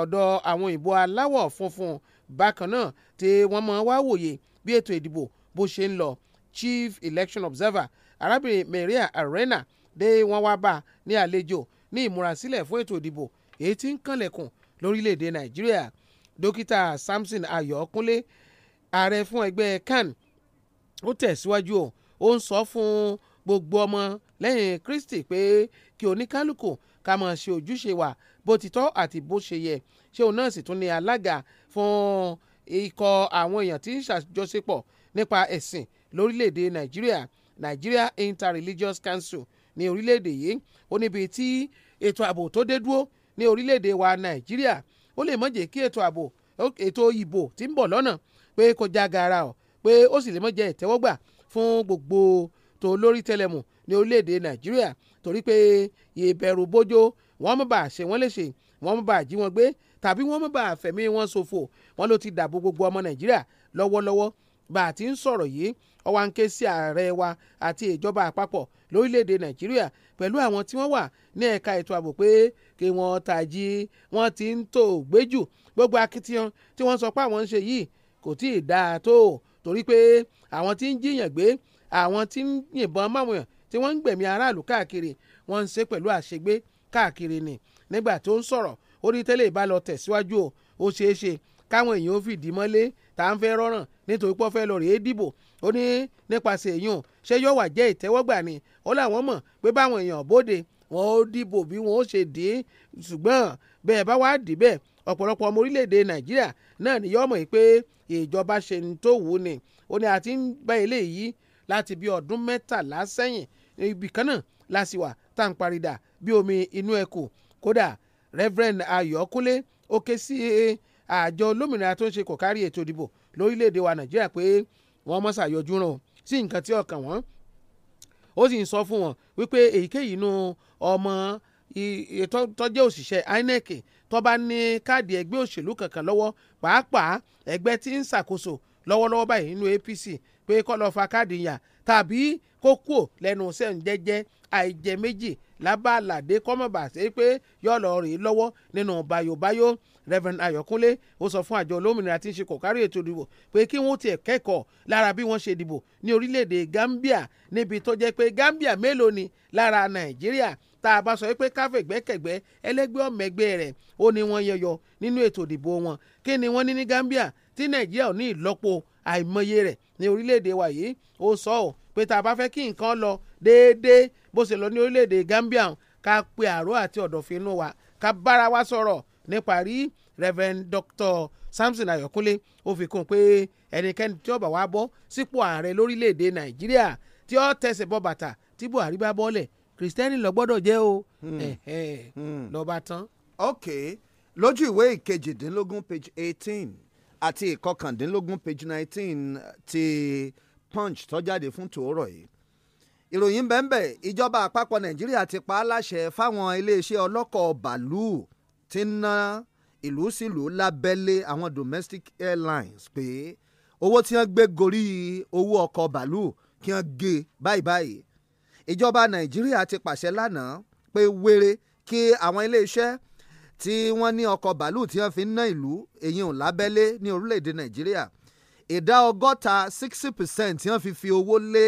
ọ̀dọ̀ àwọn ìbò aláwọ̀ funfun bákan náà tí wọ́n mọ̀ wá wòye bí ètò ìdìbò bó ṣe ń lọ Chief Election Observer arábìnrin Maria Arena dé wọ́n wá bá ní àlejò ní ìmúrasílẹ̀ fún ètò ìdìbò èyí tí ń kànlẹ̀kùn lórílẹ̀‐èdè Nàìjíríà dókítà Samson Ayọ̀kúnlé ààrẹ fún ẹgbẹ́ CAN ó tẹ̀síwájú o ó ń sọ fún gbogbo ọmọ lẹ́yìn Kristi pé kí oníkálukú ká máa ṣe ojúṣe wa bó ti tọ́ àti bó ṣe yẹ ṣé òun náà sì tún ní alága fún ikọ̀ àwọn èèyàn tí ń ṣàjọṣepọ̀ nípa ẹ̀sìn lórílẹ̀‐èdè Nàìjíríà Nigeria Interreligious Council ní orílẹ̀‐èdè yìí ó níbi tí ètò ààbò tó dé dúró ní orílẹ̀‐èdè wa Nàìjíríà ó lè mọ̀jẹ̀ kí ètò ààbò ètò ìbò tí ń bọ̀ lọ́nà pé kò já gaara o pé ó sì lè mọ́ jẹ́ ìtẹ́wọ́gbà fún gbogbo tó lórí tẹlẹmù ní orílẹ̀-èdè nàìjíríà torí pé ìbẹ̀rù bójó wọ́n mọ̀ bá ṣe wọ́n léṣe wọ́n mọ̀ bá jí wọn gbé tàbí wọ́n mọ̀ bá fẹ̀mí wọn ṣòfò wọ́n ló ti dàbò gbogbo ọmọ nàìjíríà lọ́wọ́lọ́wọ́ bá a ti ń sọ̀rọ̀ yìí ọwọ́ à ń ké sí ààrẹ wa àti ìjọba àpapọ̀ lórílẹ̀‐èdè nàìjíríà pẹ̀lú àwọn tí wọ́n wà ní ẹ̀ka ètò ààbò pé kí wọ́n tají wọ́n ti ń tò gbéjù gbogbo akitiyan tí wọ́n sọ pé àwọn ń ṣe yìí kò tí ì dáa tó torí pé àwọn tí ń jiyàn gbé àwọn tí ń yìnbọn máwọn tí wọ́n ń gbẹ̀mí aráàlú káàkiri wọ́n ń ṣe pẹ̀lú àṣegbé káàkiri ni nígbà tó ń sọ̀rọ̀ ó ní tẹ́lẹ̀ ìbá lọ tẹ̀síwájú o ó ṣeé ṣe káwọn èèyàn ó fìdí mọ́lé tá à ń fẹ́ rọ́ràn nítorí pọ́ fẹ́ lọ rèé dìbò ó ní nípasẹ̀ èèyàn ṣé yóò jẹ́ ìtẹ́wọ́gbà ni ó láwọn mọ̀ pé báwọn èèyàn bóde wọn ó dìbò bí wọn ó ṣe dé ṣùgbọ́n bẹ́ẹ̀ bá wá dì ọ̀pọ̀lọpọ̀ ọmọ orílẹ̀-èdè nàìjíríà náà ni yọ́mọ̀ yìí pé ìjọba ṣe ń tó wù ú ni ó ní àti ń bá eléyìí láti bí ọdún mẹ́tàlá sẹ́yìn ibì kan náà la wà tá à ń parida bí omi inú ẹ̀kọ́ kódà Reverend Ayọ̀kúnlé ó ké sí àjọ olómìnira tó ń ṣe kòkárí ètò ìdìbò lórílẹ̀‐èdè wa Nàìjíríà pé wọ́n mọ̀ ṣàyọjú ràn sí nǹkan tí ọkàn wọn ó sì ń sọ fún wọn wípé èyíkéyìí inú ọmọ tó òṣìṣẹ́ INEC tó bá ní káàdì ẹgbẹ́ òṣèlú kankan lọ́wọ́ pàápàá ẹgbẹ́ tí ń ṣàkóso lọ́wọ́lọ́wọ́ báyìí nínú APC pé kọ́ lọ́ọ́ fa káàdì yàn tàbí kó kúò lẹ́nu sẹ́yìn jẹ́jẹ́ àìjẹ méjì lábàládé kọ́mọ̀bà ṣe pé yọ̀ọ́ lọ́ọ́ rèé lọ́wọ́ nínú bayobayo Reverend Ayọ̀kúnlé ó sọ fún àjọ olómìnira tí ń ṣe kòkárí ètò ìdìbò pé kí wọ́n tiẹ̀ kẹ́kọ̀ọ́ lára bí wọ́n ṣe dìbò ní orílẹ̀-èdè Gambia níbi tó jẹ́ pé Gambia mélòó ni lára Nàìjíríà tá a bá sọ pé káfẹ̀gbẹ́kẹ̀gbẹ́ ẹlẹ́gbẹ́ ọ̀mẹ́gbẹ́ rẹ̀ ó ní wọ́n yẹyọ nínú ètò ìdìbò wọn kí ni wọ́n ní ní Gambia tí Nàìjíríà ò ní ìlọ́po àìmọye rẹ̀ ní orílẹ̀-èdè wa yìí ó sọ ọ́ pé tá a bá fẹ́ kí nǹkan lọ déédéé bó ṣe lọ ní orílẹ̀-èdè Gambia ká pe àrò àti ọ̀dọ̀fínú wa ká bára wa sọ̀rọ̀ níparí Reverend Dr. Samson Ayokunle, ó fi kún pé ẹnikẹ́ni tí ó bá wá bọ́ sípò ààrẹ lórílẹ̀‐èdè Nàìjíríà tí ó tẹsẹ̀ bọ́ bàtà tí Buhari bá bọ́lẹ̀ Kristẹni lọ gbọ́dọ̀ jẹ́ o hmm. hmm. lọ́ba tán. ok lójú ìwé ìkejìdínlógún page eighteen àti ìkọkàndínlógún page nineteen ti punch tó jáde fún tòórọ̀ yìí ìròyìn bẹ́ẹ̀ bẹ́ẹ̀ ìjọba àpapọ̀ Nàìjíríà ti pa á láṣẹ fáwọn iléeṣẹ́ ọlọ́kọ̀ bàálù ti ń ná ìlú sílù lábẹ́lé àwọn domestic airlines pé owó tí wọ́n gbé gorí owó ọkọ̀ bàálù kí wọ́n gé báyìí báyìí ìjọba nàìjíríà ti pàṣẹ lánàá pé wéré kí àwọn iléeṣẹ́ tí wọ́n ní ọkọ̀ bàálù tí wọ́n fi ń ná ìlú èyí lábẹ́lé ní orílẹ̀-èdè nàìjíríà ìdá ọgọ́ta sixty percent tí wọ́n fi fi owó lé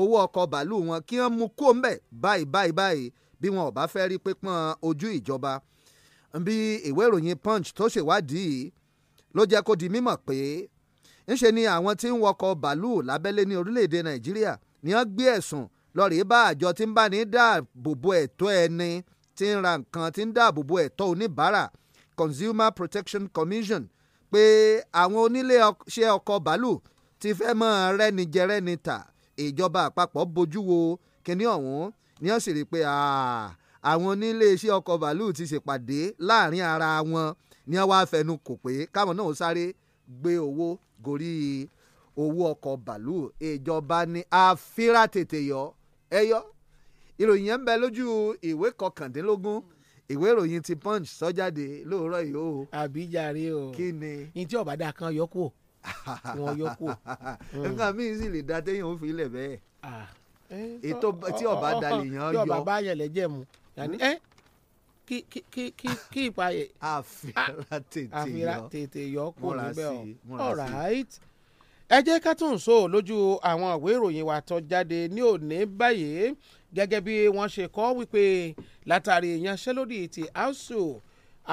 owó ọkọ̀ bàálù wọn kí wọ́n mú kó ń báyìí báyìí báyìí bí wọn ò bá fẹ́ rí pípọ́n ojú ìjọba bí ìwé ìròyìn punch tó ṣèwádìí ló jẹ́ kó di mímọ̀ pé ńṣe ni àwọn tí ń wọkọ̀ bàálù lábẹ́lé ní orílẹ̀-èdè nàìjíríà ni wọ́n gbé ẹ̀sùn lọ́ọ̀rì bá àjọ tí ń bá ní dáàbòbò ẹ̀tọ́ ẹni tí ń ra nǹkan tí ń dáàbòbò ẹ̀tọ́ oníbàárà Consumer Protection Commission pé àwọn onílé iṣẹ́ ọkọ̀ bàálù ti fẹ́ mọ́ rẹ́ni jẹ rẹ́ni ìjọba àpapọ̀ bójú wo kíní ọ̀hún ni wọ́n sì rí i pé àwọn oníléeṣẹ́ ọkọ̀ bàálù ti ṣèpàdé láàrin ara wọn ni wọ́n wáá fẹnu kò pé káwọn náà sáré gbé owó gorí owó ọkọ̀ bàálù ìjọba ní àfírà tètè yọ ẹ yọ ìròyìn yẹn ń bẹ lójú ìwé kọkàndínlógún ìwé ìròyìn ti punch sọ́jáde lóòrọ̀ yìí o. àbíjàre o kí ni. ní tí ọ̀bàdà kan yọ kúò wọn yọ nǹkan míì sì lè da téèyàn ó fi ilẹ̀ bẹ́ẹ̀. Ah. ètò tí ọ̀bàdà lè yàn yọ. tí ọ̀bàbá yẹn lẹ́jẹ̀ mu yanni ẹ eh? kí kí kí kí kí ìpayẹ. àfìrà ah, tètè yọ àfìrà tètè yọ kò níbẹ̀ o all right ẹ jẹ́ ká tún so lójú àwọn ìwé ìròyìn wa tó jáde ní òní báyìí gẹ́gẹ́ bí wọ́n ṣe kọ wípé látàrí ìyanṣẹ́lódì ti asuu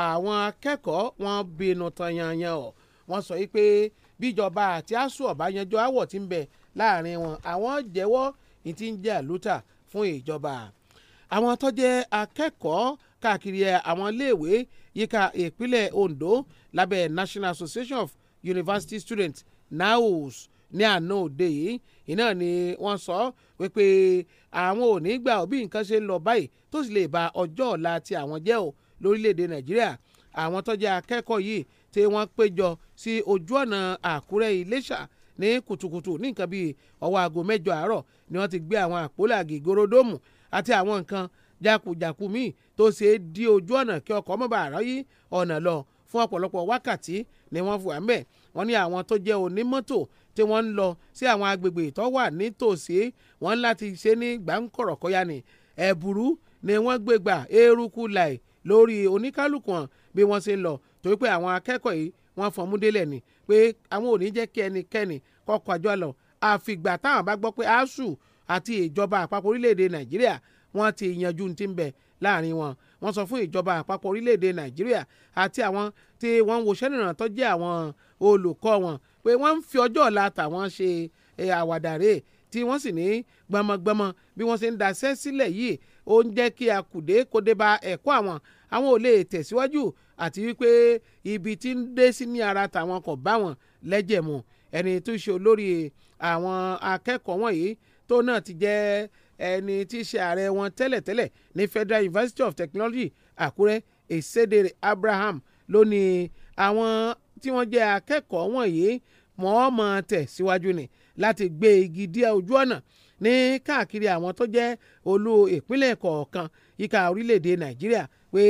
àwọn akẹ́kọ̀ọ́ wọn bínú tán yanyan o wọ́n sọ wípé bíjọba àti asuu ọ̀bá yanjú aáwọ̀ tí ń bẹ láàrin wọn àwọn jẹ́wọ́ ìtí ń fún ìjọba àwọn tó jẹ́ akẹ́kọ̀ọ́ káàkiri àwọn iléèwé yíká ìpínlẹ̀ Ondo lábẹ́ National Association of University Students NAOS ní àná òde yìí iná ni wọ́n sọ wípé àwọn ò ní gbà bí nǹkan ṣe ń lọ báyìí tó sì lè ba ọjọ́ ọ̀la ti àwọn jẹ́ o lórílẹ̀‐èdè Nàìjíríà àwọn tó akẹ́kọ̀ọ́ yìí tí wọ́n péjọ sí ojú ọ̀nà Àkúrẹ́ Iléṣà ní kùtùkùtù ní nǹkan bíi ọwọ́ aago mẹ́jọ àárọ̀ ni wọ́n ti gbé àwọn àpólà gìgóródómù àti àwọn nǹkan jákujàku míì tó ṣe é di ojú ọ̀nà kí ọkọ̀ mọ̀bà ráyé ọ̀nà lọ fún ọ̀pọ̀lọpọ̀ wákàtí ni wọ́n fò àmbẹ̀ wọ́n ní àwọn tó jẹ́ onímọ́tò tí wọ́n ń lọ sí àwọn agbègbè tó wà nítòsí wọ́n láti ṣe ní gbàǹkọ̀rọ̀kọ́yà ni ẹ̀bùrú ni wọ́n gbé gbà eruku láì lórí oníkálukú hàn bí wọ́n ṣe ń lọ torí pé àwọn akẹ́kọ̀ọ́ yìí wọ́n fọ́n múdélẹ̀ ni pé àwọn ò ní jẹ́ kí ẹnikẹ́ni kọ́kọ́ àjọ lọ àfìgbà táwọn bá gbọ́ pé asu àti ìjọba àpapọ̀ orílẹ̀-èdè nàìjíríà wọ́n ti yanjú ti ń bẹ láàrin wọn wọ́n sọ fún ìjọba àpapọ̀ orílẹ̀-èdè nàìjíríà àti àwọn tí wọ́n ń woṣẹ́ nìran tó jẹ́ àwọn olùkọ́ wọn pé wọ́n ń fi ọjọ́ ọ̀la tàwọn ṣe àwàdàrè tí wọ́n sì ní gbọmọgbọmọ bí wọ́n ṣe ń daṣẹ́ sílẹ̀ yìí ó ń jẹ́ kí akùdé kó dé ba ẹ̀kọ́ àwọn àwọn ò lè tẹ̀síwájú àti wípé ibi tí ń dé sí ní ara tàwọn kò bá wọn lẹ́jẹ̀ mu ẹni tó ṣe olórí àwọn akẹ́kọ̀ọ́ wọ̀nyí tó náà ti jẹ́ ẹni tí í ṣe ààrẹ wọn tẹ́lẹ̀tẹ́lẹ̀ ní Federal University of Technology Àkúrẹ́ Èsédèrè Abraham ló ní àwọn tí wọ́n jẹ́ akẹ́kọ̀ọ́ wọ̀nyí wọ́n mọ̀ tẹ̀ síwájú ni láti gbé igi díẹ̀ ojú ọ̀nà ní káàkiri àwọn tó jẹ́ olú ìpínlẹ̀ kọ̀ọ̀kan yíká orílẹ̀-èdè Nàìjíríà pé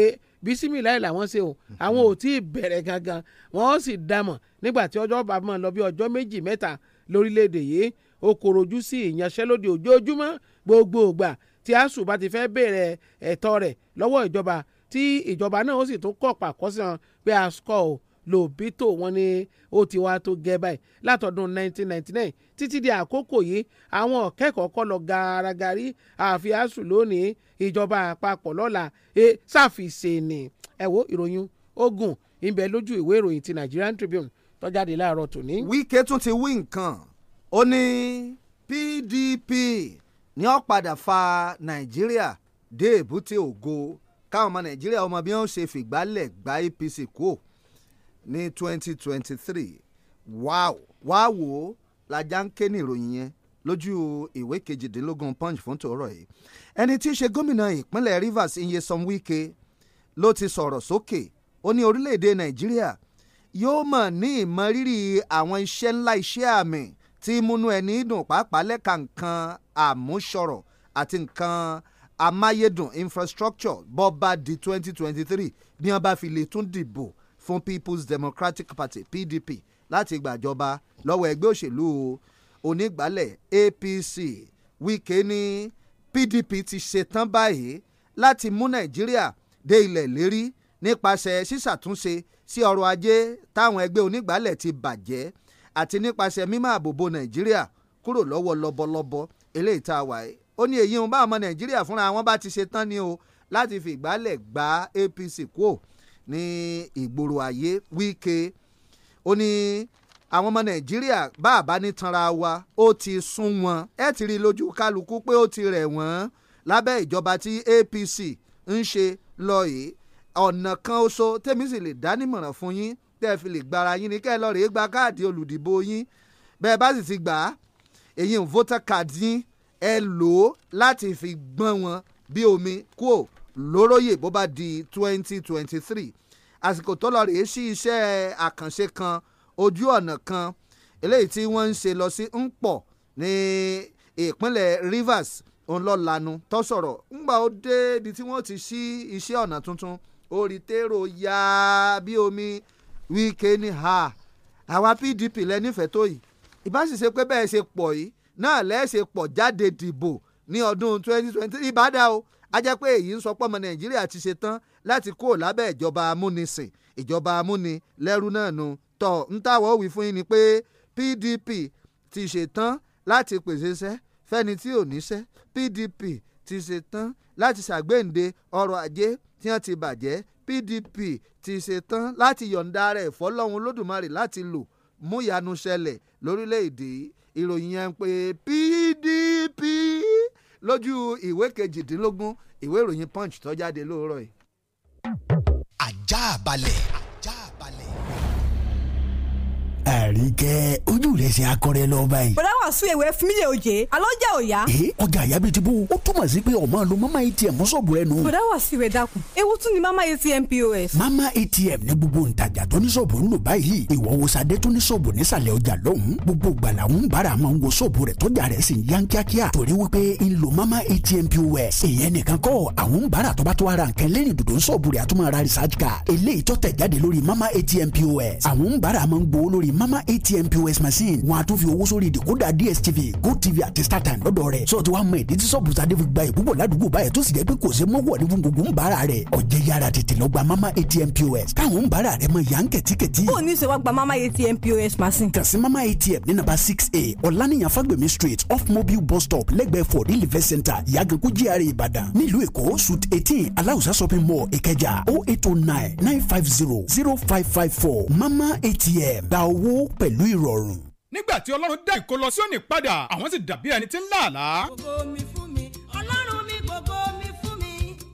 bísímìláì làwọn ṣe o àwọn ò tí ì bẹ̀rẹ̀ gangan wọ́n sì dámọ̀ nígbà tí ọjọ́ bá mọ̀ lọ bí ọjọ́ méjì mẹ́ta lórílẹ̀-èdè yìí ó korojú sí ìyanṣẹ́lódì ojoojúmọ́ gbogbo ìgbà tí asuu bá ti fẹ́ bẹ̀rẹ̀ ẹ̀tọ́ rẹ̀ lọ́wọ́ ìjọba tí ìjọba náà ó sì tún kọ̀ pàkọ́ sí wọn pé asukọ̀ o lòbítò wọn ni ó ti wá tó gẹ báyìí látọdún 1999 títí di àkókò yìí àwọn akẹ́kọ̀ọ́ kọ́ lọ gàràgàrí àfi asuu lónìí ìjọba àpapọ̀ lọ́la e ṣàfìṣe ni ẹ̀wọ́ ìròyìn ogun ìbẹ̀ lójú ìwé ìròyìn ti Nigerian Tribune tó jáde láàárọ̀ tòní. Wike tún ti wí nǹkan ó ní PDP ni ó padà fa nàìjíríà dé èbúté ògo káwọn ọmọ nàìjíríà ọmọ bí wọ́n ṣe fìgbálẹ̀ gba APC e kúò ní 2023 wáò wáò wò ó lajá ń ké ní ìròyìn yẹn lójú ìwé kejìdínlógún punch fún tòórọ̀ yìí ẹni tí í ṣe gómìnà ìpínlẹ̀ Rivers Nyesom Wike ló ti sọ̀rọ̀ sókè ó ní orílẹ̀-èdè nàìjíríà yóò mọ̀ ní ìmọrírì àwọn iṣẹ́ ńlá iṣẹ́ àmì tí múnú ẹni dùn pàápàá lẹ́ka nǹkan àmúṣọrọ̀ àti nǹkan amáyédùn infrastructure bọ́ bá di twenty twenty three bí wọ́n bá fi lè tún dìbò fún People's Democratic Party PDP láti gbàjọba lọ́wọ́ ẹgbẹ́ òṣèlú onígbàálẹ̀ APC Wike ní PDP ti ṣetán báyìí láti mú Nàìjíríà dé ilẹ̀ lérí nípasẹ̀ sísàtúnṣe sí ọrọ̀ ajé táwọn ẹgbẹ́ onígbàálẹ̀ ti bàjẹ́ àti nípasẹ̀ mímọ́ àbòbò nàìjíríà kúrò lọ́wọ́ lọ́bọ̀lọ́bọ̀ eléyìí tá a wà yìí ó ní èyí ń bá ọmọ nàìjíríà fúnra wọn bá ti ṣe tán ni o láti fi ìgbálẹ̀ gba APC kúò ní ìgboro ayé Wike ó ní àwọn ọmọ nàìjíríà bá a bá ní tanra wa ó ti sún wọn ẹ ti rí lójú kálukú pé ó ti rẹ̀ wọ́n lábẹ́ ìjọba tí APC ń ṣe lọ yìí ọ̀nà kan oṣo tèmi sì lè dá fún yín tẹ́ ẹ fi lè gbára yín ni kẹ́ ẹ lọ rèé gba káàdì olùdìbò yín bẹ́ẹ̀ bá sì ti gbà á èyí ń voter card yín ẹ lò ó láti fi gbọ́n wọn bí omi kúò lóróyè bó bá di twenty twenty three àsìkò tó lọ rèé sí iṣẹ́ àkànṣe kan ojú ọ̀nà kan eléyìí tí wọ́n ń ṣe lọ sí Nkpọ̀ ní ìpínlẹ̀ Rivers ńlọ́lanu tó sọ̀rọ̀ ńgbà ó dé ibi tí wọ́n ti ṣí iṣẹ́ ọ̀nà tuntun orí tèrò yá bí omi wíkẹ́ ní ha àwa PDP lẹ́nífẹ̀ẹ́ tó yìí ìbáṣiṣe pé bẹ́ẹ̀ ṣe pọ̀ yìí náà lẹ́ẹ̀ṣe pọ̀ jáde dìbò ní ọdún 2020 ìbádá o a jẹ́ pé èyí ń sọ pé ọmọ Nàìjíríà ti ṣe tán láti kó lábẹ́ ìjọba amúnisìn ìjọba amúnilẹ́rú náà nu tọ̀ ń táwọ̀ wí fún yín ni pé PDP ti ṣe tán láti pèsè iṣẹ́ fẹ́ni tí ò níṣẹ́ PDP ti ṣe tán láti ṣàgbéǹde ọrọ̀ ajé tí wọ́n ti bàjẹ́ PDP ti ṣetán láti yọ̀ǹda rẹ̀ fọlọ́run lódùmarè láti lò mú ìyanu ṣẹlẹ̀ lórílẹ̀‐èdè ìròyìn yẹn pé PDP lójú ìwé kejìdínlógún ìwé ìròyìn punch tó jáde lóòrọ̀ yìí. ajá balẹ̀ àríkẹ́ ojú rẹ̀ ṣe akọrẹ lọ báyìí. bọ̀dá wà sún ewé fún mi lè oje alọ́jà òya. ee ọjà àyà bíi ti bó o túmọ̀ sí pé ọmọ lo mama atm sọ̀bù rẹ nù. bọ̀dá wà sí ìwé dákun ewu tún ni mama atm pos. mama atm ní gbogbo ntajà tó ní sọ̀bù ń lò báyìí ìwọ wo sadé tó ní sọ̀bù nísàlẹ̀ ọjà lọ́hùn gbogbo gbala ń bára máa ń wo sọ̀bù rẹ̀ tọ́jà rẹ̀ sì ń yan kíákíá torí wípé ń lo mama atm pos. èèyàn nìkan kọ́ àwọn ń bára tó bá tó ara nǹkan lẹ́yìn dòdò ń sọ̀bù rẹ̀ àtúmọ̀ ara research eléyìí tó jáde lórí mama atm pos. àwọn ń bára máa ń gbowó lórí mama atm pos machine wọn a tún fi owó sórí ìdìkúdà dstv gotv àti startime lọ́dọ̀ rẹ̀ sọ ti wá mọ ìdí tí sọ́ọ̀bù sadéfì gba ìbúbọ̀ ládùúgbò báyẹn tó sì jẹ́ pé kò ṣe mọ́wọ́ ní gbogbo ń bára rẹ̀ ọ̀jẹ̀ yára tètè lọ gba mama atm pos káwọn ń bára rẹ̀ mọ ìyá ń kẹ̀tíkẹ̀tí. ó ní sọ wá gba mama atm pos machine. kàn sí mama atm ní nàbà six a ọ̀lànìyàn fagbemi street off mobile bus stop lẹ́gbẹ̀ẹ́ for real event center yàgànkú gr ìbàdàn nílùú èkó suit eighteen aláùsá shopping mall ìkẹjà o oh eight o oh nine nine five zero zero five five four mama atm gba owó náwó pẹ̀lú ìrọ̀rùn. nígbà tí ọlọ́run dá ìkólọsíọ́nì padà àwọn sì dàbí ẹni tí ń lá àlá. gbogbo mi fún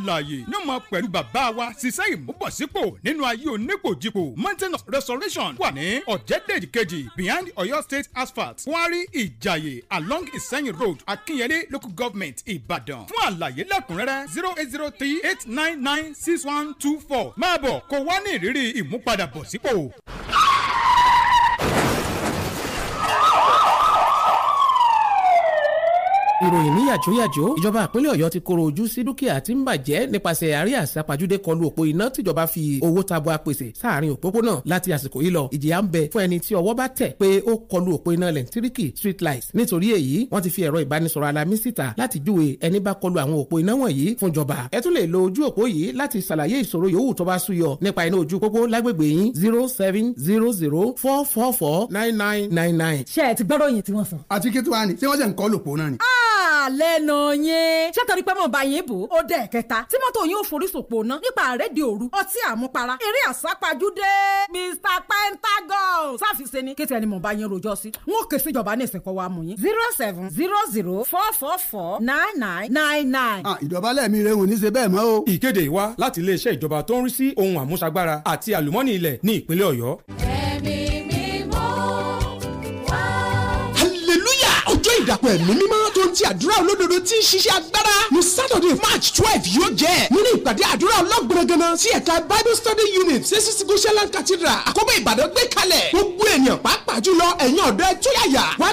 alààyè ní ọmọ pẹ̀lú bàbá wa ṣiṣẹ́ ìmúbọ̀sípò nínú ayé onípòjìpò mountain of restoration wà ní ọ̀jẹ̀dẹ̀jì kejì behind Ọ̀yọ́ state asphalt quarry ìjàyè along ìsẹ́yìn road akínyẹlé local government ìbàdàn fún àlàyé lẹ́kùnrẹ́rẹ́ zero eight zero three eight nine nine six one two four máa bọ̀ kó wá ní ìrírí ìmúpadàbọ̀sípò. ìròyìn níyàjóyàjó ìjọba àpínlẹ̀ ọ̀yọ́ ti koro ojú sí dúkìá tí ń bàjẹ́ nípasẹ̀ àárẹ̀ àṣàpàjúdé kọlu òpó iná tìjọba fi owó tabua pèsè sáàrin òpópónà láti àsìkò yìí lọ ìjìyà ń bẹ fún ẹni tí ọwọ́ bá tẹ̀ pé ó kọlu òpó iná lẹ́ńtíríkì street light nítorí èyí wọ́n ti fi ẹ̀rọ ìbánisọ̀rọ̀ alamí síta láti júwe ẹni bá kọlu àwọn òpó iná wọ̀nyí fún ìjọba ẹ tún lè lo ojú òpó zero seven zero zero four four four nine nine nine nine. ṣé ẹ ti gbọ́dọ̀ yìí tí wọ́n sọ. àti kí ni. Ah! lẹ́nu yẹn ṣé torí pé mo bá yín bò ó dẹ̀ kẹta tí mọ́tò yín ò ná nípa àrédìí òru ọtí àmupara eré àsápajúdé Mr Pentagon sáfìsẹ́ ni kéte ẹni mo bá yín rojọ́ sí n ó ké síjọba ní ìsìnkọ́ wa mú yín zero seven zero zero four four four nine nine nine nine. Ah, ìdọ̀bálẹ̀ mi rehun ní ṣe bẹ́ẹ̀ mọ́ o. ìkéde ìwá láti iléeṣẹ́ ìjọba tó ń rí sí ohun àmúṣagbára àti àlùmọ́nì ilẹ̀ ní ìpínlẹ̀ Ọ̀yọ́. ọ̀rọ̀ ẹ̀mí mímọ́ tó ń ti àdúrà olódodo tí ń ṣiṣẹ́ agbára ní Saturday March twelve yóò jẹ́ nínú ìpàdé àdúrà ọlọ́gbọ̀nàgànà sí ẹ̀ka Bible Study Unit CCC Goshenland Cathedral àkóbọ̀ Ìbàdàn gbé kalẹ̀ gbogbo ènìyàn pàápàá jùlọ ẹ̀yin ọ̀dọ́ ẹ̀ tó yàyà wá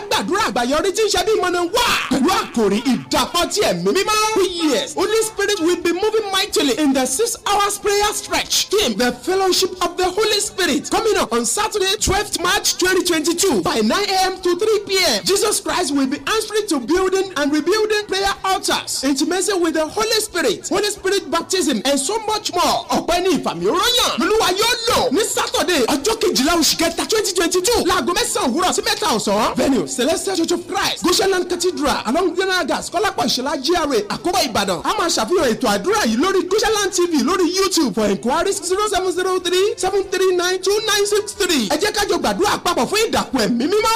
àgbàyọrí tí ń ṣe bí mọ̀nà wà. pẹ̀lú àkòrí ìdàpọ̀tì ẹ̀mí mímọ́. yes holy spirit will be moving mightily in the six hours prayer stretch. team the fellowship of the holy spirit coming up on saturday twelfth march twenty twenty two by nine a.m. to three p.m. jesus christ will be answering to building and rebuilding prayer altars intimacy with the holy spirit holy spirit baptism and so much more. ọ̀pẹ́ ní ìfàmì òróyàn lolúwa yóò lò ní saturday ọjọ́ kejìlá oṣù kẹta twenty twenty two láago mẹ́sàn-án òwúrọ̀ sí mẹ́ta ọ̀sán venue celestial Church. Church of Christ Goshenland Cathedral along Gbẹ́nàgà Kọ́lápọ̀ Ìṣẹ̀lá GRA Àkóbọ̀ Ìbàdàn a máa ṣàfihàn ètò àdúrà yìí lórí Goshenland TV lórí YouTube for enquiries zero seven zero three seven three nine two nine six three ẹ jẹ́ kájọ gbàdúrà papọ̀ fún ìdàpọ̀ ẹ̀mí mímọ́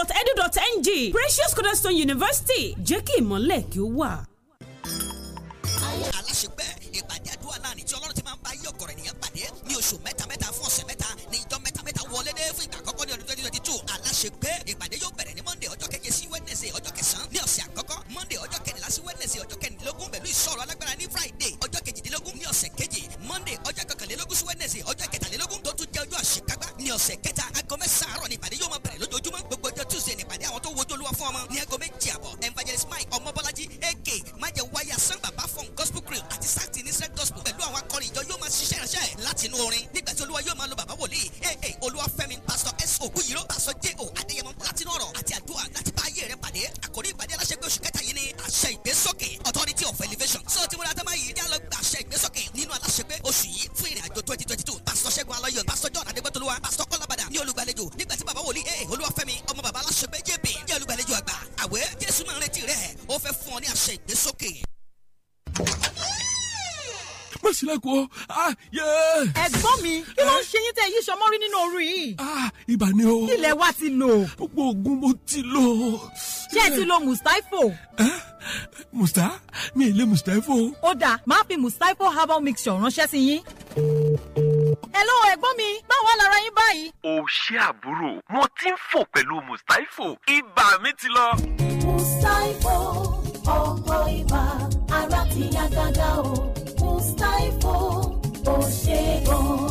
www.edu.ng Precious Cornerstone University jẹ́ kí ìmọ̀lẹ̀ kí ó wà. aláṣepẹ́ ìpàdé àdúrà láàrin tí ọlọ́run ti máa ń bá yí ọ̀gọ̀rọ̀ ènìyàn pàdé ní oṣù mẹ́ta fún ọ̀sẹ̀ mẹ́ta ní ìjọ mẹ́ta wọlé dé fún ìgbà àkọ́kọ́ ní ọdún twenty twenty two aláṣepẹ́ ìpàdé yóò bẹ̀rẹ̀ ní Monday ọjọ́ keje sí Wednesday ọjọ́ kẹsàn-án ní ọ̀sẹ̀ àkọ́kọ́ Monday ọjọ́ kẹ ti lò. gbogbo oògùn mo ti lò. ṣé ẹ ti lo mustapho. musta mi ì lé mustapho. ó dáa máa fi mustapho herbal mixture ránṣẹ́ sí yín. Hello ẹ̀gbọ́n mi, báwo lára yín báyìí? O ṣé àbúrò, wọ́n ti ń fò pẹ̀lú Mustapho, ibà mi ti lọ. Mustapho, ọkọ ibà, ara ti yá gágá o, Mustapho, ó ṣe gan-an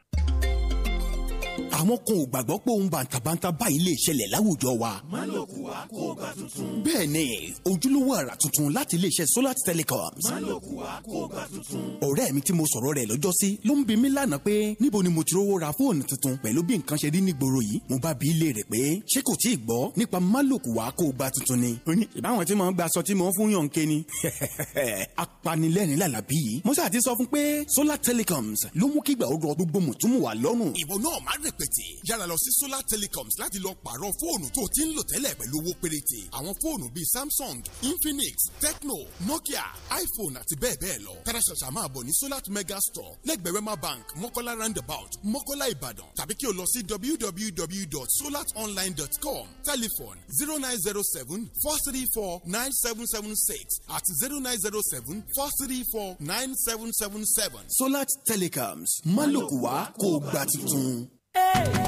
àwọn kan ò gbàgbọ́ pé ohun bàǹtàbàǹtà báyìí lè ṣẹlẹ̀ láwùjọ wa. má lò kù wá kó o gbà tuntun. bẹ́ẹ̀ ni ojúlówó àrà tuntun láti iléeṣẹ́ solar telecoms. má wa kù wá kó o gbà tuntun. ọ̀rẹ́ mi tí mo sọ̀rọ̀ rẹ̀ lọ́jọ́ sí ló ń bi mí lánàá pé níbo ni mo ti rówó ra fóònù tuntun pẹ̀lú bí nǹkan ṣe rí nígboro yìí mo bá bi í léèrè pé ṣé kò tíì gbọ́ nípa má lò kù wá tuntun ni. ìbáwọn tí mo ń gba aṣọ tí mo ń fún yàn ké ni. apanilẹ́rìn làlàbí yìí mo ṣáà ti sọ fún pé solar telecoms ló mú kígbà ó rọ gbogbo mùtúmùwà lọ́rùn. ìbò náà má rèpè péréte. yára lọ sí solar telecoms láti lọ pààrọ̀ fóònù tó ti ń lò tẹ́lẹ̀ pẹ̀lú owó péréte. àwọn fóònù bíi samsung infinix tecno nokia iphone àti bẹ́ẹ̀ bẹ́ẹ̀ lọ. tara ṣàṣà máa bọ̀ ní solar mega store lẹ́gbẹ̀ẹ́ wema bank mọ́kọ́lá roundabout mọ́kọ́lá ìbàdàn tàbí kí o lọ sí www.solatonline.com telephone zero nine zero seven four three four nine seven seven six àti zero nine zero seven four three four nine seven seven seven. solar telecoms má lòkùwá kó gbà tuntun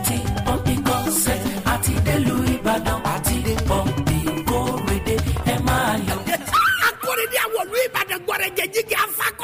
ti pọ́ǹpì concept àti délùú ìbàdàn àti pọ́ǹpì kórèdè ẹ máa yọ. akórèdè àwọn olú ìbàdàn gbọ́dọ̀ jẹ́ jíjẹ́ afákọ́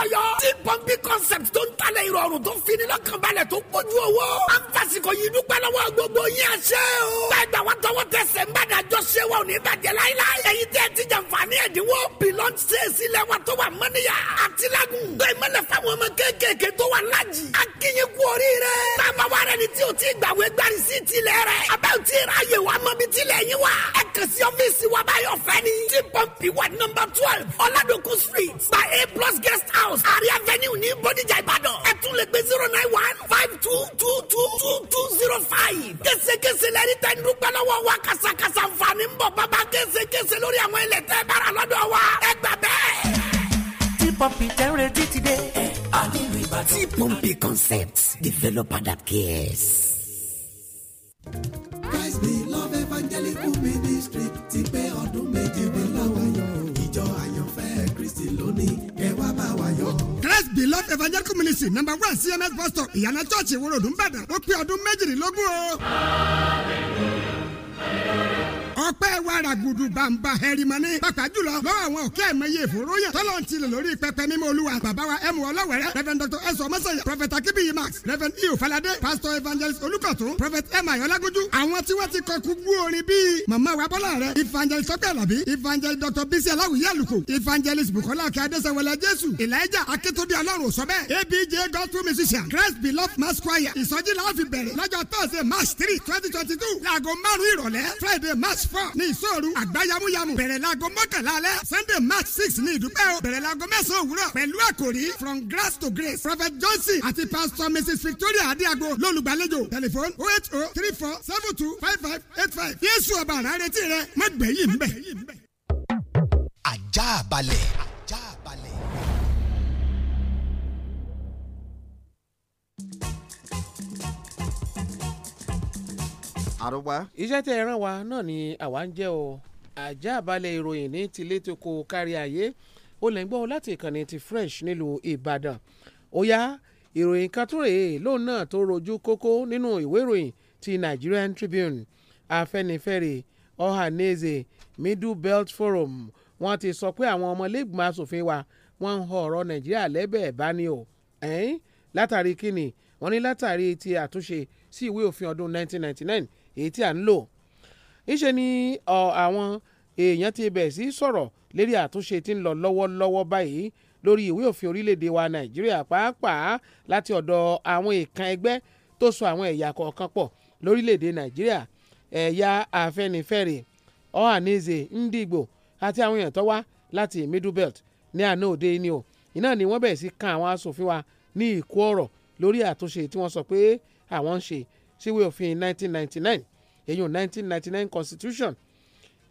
concept tó ń talẹ̀ ìrọ̀rùn tó fini lọ́kànbalẹ̀ tó kojú owó. a ń fasikọ̀ yìí dúpẹ́ lọ́wọ́ gbogbo yín àṣẹ o. gbàgbà wa tọwọ́ tẹsẹ̀ ń bàdà jọ ṣé wa ò ní bàjẹ́ láíláí. èyí tẹ́ ti jàǹfààní ẹ̀dínwó. pilọ́n ṣe é sílẹ̀ wa tó wà mọ́níyà. àti lagun. bẹ́ẹ̀ mẹ́lẹ̀ fáwọn ọmọ kéékèèké tó wà lájì. a kì í yín kú oríire. tábà wa rẹ ni tí o ti gbàwé gbárí sí tilẹ̀ rẹ. abẹ́ ò tí ì ráyè wa mọ́ bí tilẹ̀ yín wa. ẹ kàn sí ọ́fíìsì wa báyọ̀ fẹ́ ni. tí pọ́ǹpì wà nọ́mbà twelve ọ̀làdọ̀kù street by a plus guest house àrí avenue ní bọ́díj ìkẹjà ìbàdàn ẹ tún lè gbé zero nine one five two two two two two zero five. késekése lẹ́ni tẹ́ ń dúpẹ́ lọ́wọ́ wa kàṣàkàṣà nfààní ń bọ̀ bàbá késekése lórí àwọn ilẹ̀ tẹ́ bára lọ́dọ̀ wa ẹ gbà bẹ́ẹ̀. tí tẹ́ ń retí ti dé. ẹ a nílò ìbàdàn. tí pọ́ǹpì concepts developer that cares. Christ the love evangelical ministry. Christ Beloved Evangelical Ministry number one CMS bus stop ìyànà church ìwòròdú Ìbàdàn ó pé ọdún méjìlélógún o. hallelujah hallelujah ọpẹ́ wa ràgùdù bàǹbà hẹrìmọ́ni pàpà jùlọ lọ́wọ́ àwọn òkè ẹ̀mẹ́yẹ ìfòròyìn tọ́lọ̀ ń tilẹ̀ lórí pẹpẹ mímọ́ olúwa bàbá wa ẹ̀mú ọlọ́wẹ̀rẹ́ rev dr ẹ̀sọ́ mọ́sẹ̀yà prophet akibiyi max rev iyo falade pastor evangelist olùkọ̀tún Rev emma ayọ́lágójú àwọn tí wọ́n ti kọ kúgbú orin bíi mama wa bọ́lá rẹ evangelist tọ́pẹ́ àlàbí evangelist dr bisi aláwìyé evangelist bukola akẹ́ adéṣẹ́wọlẹ̀ jésù elijah akétóbi ọlọ́run òsọ́bẹ́ abj gospel musician christ beloved mass choir ìsọjí la fi bẹ̀rẹ̀ lọ́jọ́ thursday march three twenty twenty two láago márùn-ún ìrọ̀lẹ́ friday march four ní ìṣòro àgbáyamuyamu bẹ̀rẹ̀ laago mọ́kànlá alẹ́ sunday march six ní ìdúpẹ́ o bẹ̀rẹ̀ laago mẹ́sàn-án òwúrọ̀ pẹ̀lú àkòrí from grass to grace prophet johnson àti pastor mrs victoria adiago lólùgbàlejò telephone oh eight oh three four seven two five five eight five yéésù ọba àrà retí rẹ mọ́gbẹ́yìn bẹ́ẹ̀. ajá balẹ̀ àrùwá. iṣẹ́ tẹ ẹran wa náà ni àwa ń jẹ́ o àjà àbálẹ̀ ìròyìn ní tilé tó kó kárí ayé ó lè ń gbọ́ láti ìkànnì ti fresh nílùú ìbàdàn ó yá ìròyìn kan tó rèé lóun náà tó rojú kókó nínú ìwé ìròyìn ti Nigerian Tribune Afẹ́nifẹ́re Ohanaeze Middle Belt Forum wọ́n ti sọ pé àwọn ọmọlẹ́gbìmọ̀ asòfin wa wọ́n ń họ ọ̀rọ̀ Nàìjíríà lẹ́bẹ̀ẹ́ bá ní o látàrí kíni wọ́n ní látàrí ti àtúnṣe sí ìwé òfin ọdún 1999 èyí tí a ń lò ńṣe ni àwọn èèyàn ti bẹ̀rẹ̀ sí sọ̀rọ̀ lérí àtúnṣe tí ń lọ lọ́wọ́lọ́wọ́ báyìí lórí ìwé òfin orílẹ̀-èdè wa nàìjíríà pàápàá láti ọ̀dọ̀ àwọn èèkàn ẹgbẹ́ tó so àwọn ẹ̀yà kọ̀ọ̀kan pọ̀ lórílẹ̀-èdè nàìjíríà ẹ̀yà afẹ́nifẹ́re ohanaeze ndigbo àti àwọn èèyàn tó wá láti middle belt ní àná òde ni o iná ni wọ́n bẹ̀rẹ̀ sí kan àwọn asòfin wa ní ìkó ọ̀rọ̀ lórí àtúnṣe tí wọ́n sọ pé àwọn ń ṣe síwé òfin 1999 èyí ò 1999 constitution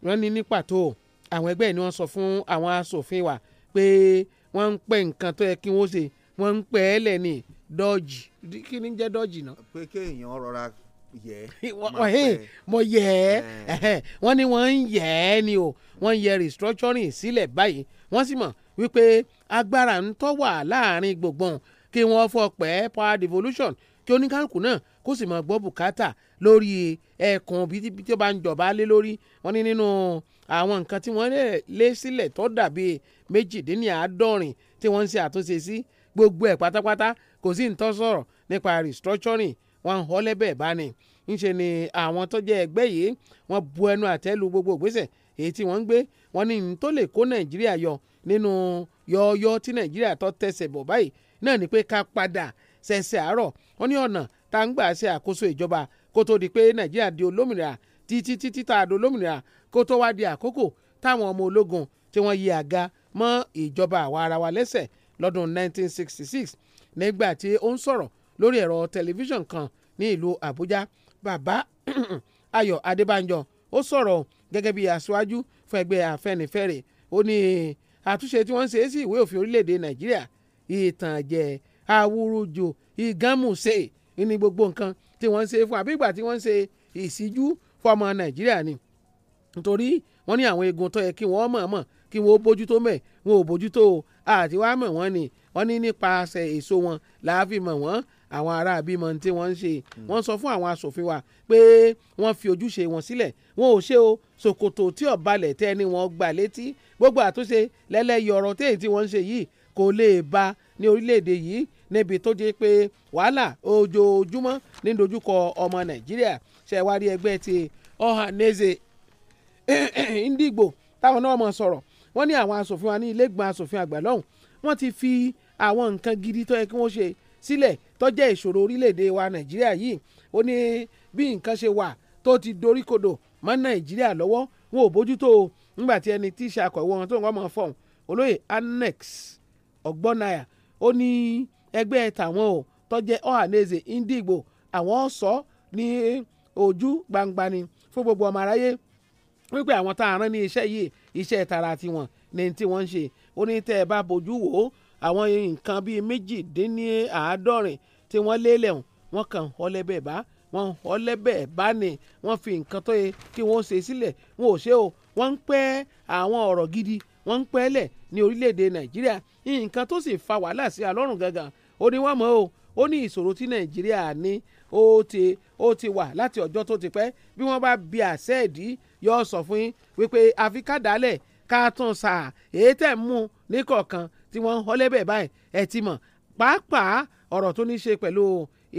wọ́n ní ní pàtó àwọn ẹgbẹ́ ni wọ́n sọ fún àwọn asòfin wa pé wọ́n ń pẹ́ nǹkan tó yẹ kí wọ́n ṣe wọ́n ń pẹ́ ẹ́ lẹ̀ ní dọ́ọ̀jì kí ni jẹ́ dọ́ọ̀jì náà. pé kéèyàn rọra yẹ mo yẹ ẹ wọ́n ní wọ́n ń yẹ ẹ ni o wọ́n yẹ restructuring sílẹ̀ báyìí wọ́n sì mọ̀ wípé agbára ń tọ́ wà láàrin gbùngbùn kí wọ́n fọ pẹ́ power devolution kí oníkálukú náà kó sì máa gbọ́ bùkátà lórí ẹ̀ẹ̀kan bí tí ó bá ń jọba lé lórí wọn ní nínú àwọn nǹkan tí wọ́n lé sílẹ̀ tó dàbí méjìdínláàádọ́rin tí wọ́n ń ṣe àtúnṣe sí gbogbo ẹ̀ pátápátá kò sí nǹkan sọ̀rọ̀ nípa restructuring wọn ń họ́ lẹ́bẹ̀ẹ́ bá ní ńṣe ni àwọn tó jẹ́ ẹgbẹ́ yìí wọ́n bu ẹnu àtẹ́ lu gbogbo ìgbésẹ̀ èyí tí wọ́n ń gbé wọn ní ní tó lè kó nàìjíríà yọ nínú yọ̀ọ̀yọ̀ tí nàìjíríà tó tẹsẹ̀ bọ̀ báyìí náà ni pé ká padà ṣẹ̀ṣẹ̀ àárọ̀ wọn ní ọ̀nà tá ń gbà ṣe àkóso ìjọba kó tó di pé nàìjíríà di olómìnira títí títí tá a di olómìnira kó tó wá di àkókò táwọn ọmọ ológun tí wọ́n yí àga mọ́ ìjọba àwa ara wa lẹ́sẹ̀ lọ́dún 1966 nígbà tí ó ń sọ̀rọ̀ lórí ẹ̀rọ tẹlifíṣàn kan ní ìlú àbújá bàbá ayọ̀ adébánjọ ó sọ̀rọ̀ gẹ́gẹ́ bí aṣáájú fún ẹgbẹ́ afẹ́nifẹ́re ó ní àtúnṣe tí wọ́n ń ṣe sí ìwé òfin orílẹ̀-èdè nàìjíríà ìtànjẹ awúrúju ìgánmùsẹ̀ ní gbogbo nǹkan tí wọ́n ń ṣe fún àbí ìgbà tí wọ́n ń ṣe ìṣíjú fọmọ nàìjíríà ni nítorí wọ́n ní àwọn eegun tó yẹ kí wọ́n mọ̀ mọ̀ kí wọ́n bójú tó mẹ̀ wọn ò bójú tó àti wàá mọ̀ wọ́n ni wọ́n ní nípasẹ̀ èso wọn làá fi mọ̀ wọ́n àwọn ará àbímọ tí wọ́n ń se wọ́n sọ fún àwọn asòfin wa pé wọ́n fi ojúṣe wọn sílẹ̀ wọn ò ṣe o ṣòkòtò tí ọ̀balẹ̀ tẹ́ ni wọ́n gbà létí gbogbo àtúnṣe lẹ́lẹ́yọ̀rọ̀ téè tí wọ́n ń ṣe yìí kò lè ba ní orílẹ̀-èdè yìí níbi tó jẹ́ pé wàhálà ojoojúmọ́ ní dojúkọ ọmọ nàìjíríà ṣẹ̀wárí ẹgbẹ́ ti Ohanaeze Ndigbo táwọn náà mọ̀ sọ̀rọ̀ wọ́n ní àwọn asòfin wa ní ilégbọ̀n asòfin àgbà lọ́hùn wọ́n ti fi àwọn nǹkan gidi tó yẹ kí wọ́n ṣe sílẹ̀ tó jẹ́ ìṣòro orílẹ̀-èdè wa nàìjíríà yìí ó ní bí nǹkan ṣe wà tó ti doríkodò mọ́ nàìjíríà lọ́wọ́ wọn ò bójútó o nígbà tí ẹni tí í ṣe akọ̀wé wọn tó ń wọ́n mọ̀ fọ́ọ̀n olóyè annex ọ̀gbọ́naya ó ní ẹgbẹ́ tàwọn ò tọ́jẹ́ Ohanaeze Ndigbo àwọn sọ ní ojú gbangba ni fún gbogbo ọmọ aráyé wípé àwọn tá a rán ní iṣẹ́ yìí iṣẹ́ tara tiwọn ní tí wọ́n ń ṣe ó ní tẹ́ ẹ bá bójú wò ó àwọn nǹkan bíi méjìdínláàádọ́rin tí wọ́n lélẹ̀ wọn kàn ń họlẹ́ bẹ́ẹ̀ bá wọn ń họlẹ́ bẹ́ẹ̀ bá ní wọ́n fi nǹkan tó yẹ kí wọ́n ṣe sílẹ̀ wọn ò ṣe o wọ́n ń pẹ́ àwọn ọ̀rọ̀ gidi wọ́n ń pẹ́ lẹ̀ ní orílẹ̀-èdè Nàìjíríà nǹkan tó sì fa wàhálà sí alọ́rùn gangan ó ní wọ́n mọ̀ o ó ní ìṣòro tí nàìjíríà ní ó ti ó ti wà láti ọjọ́ tó ti pẹ́ bí wọ́n bá bi àṣẹ ìdí yọ sọ fún yín wípé àfi ká dálẹ̀ ká tún sà èyí tẹ̀ mú ní kọ̀ọ̀kan tí wọ́n ń họ́ lẹ́bẹ̀ báyìí ẹ̀ ti mọ̀ pàápàá ọ̀rọ̀ tó ní ṣe pẹ̀lú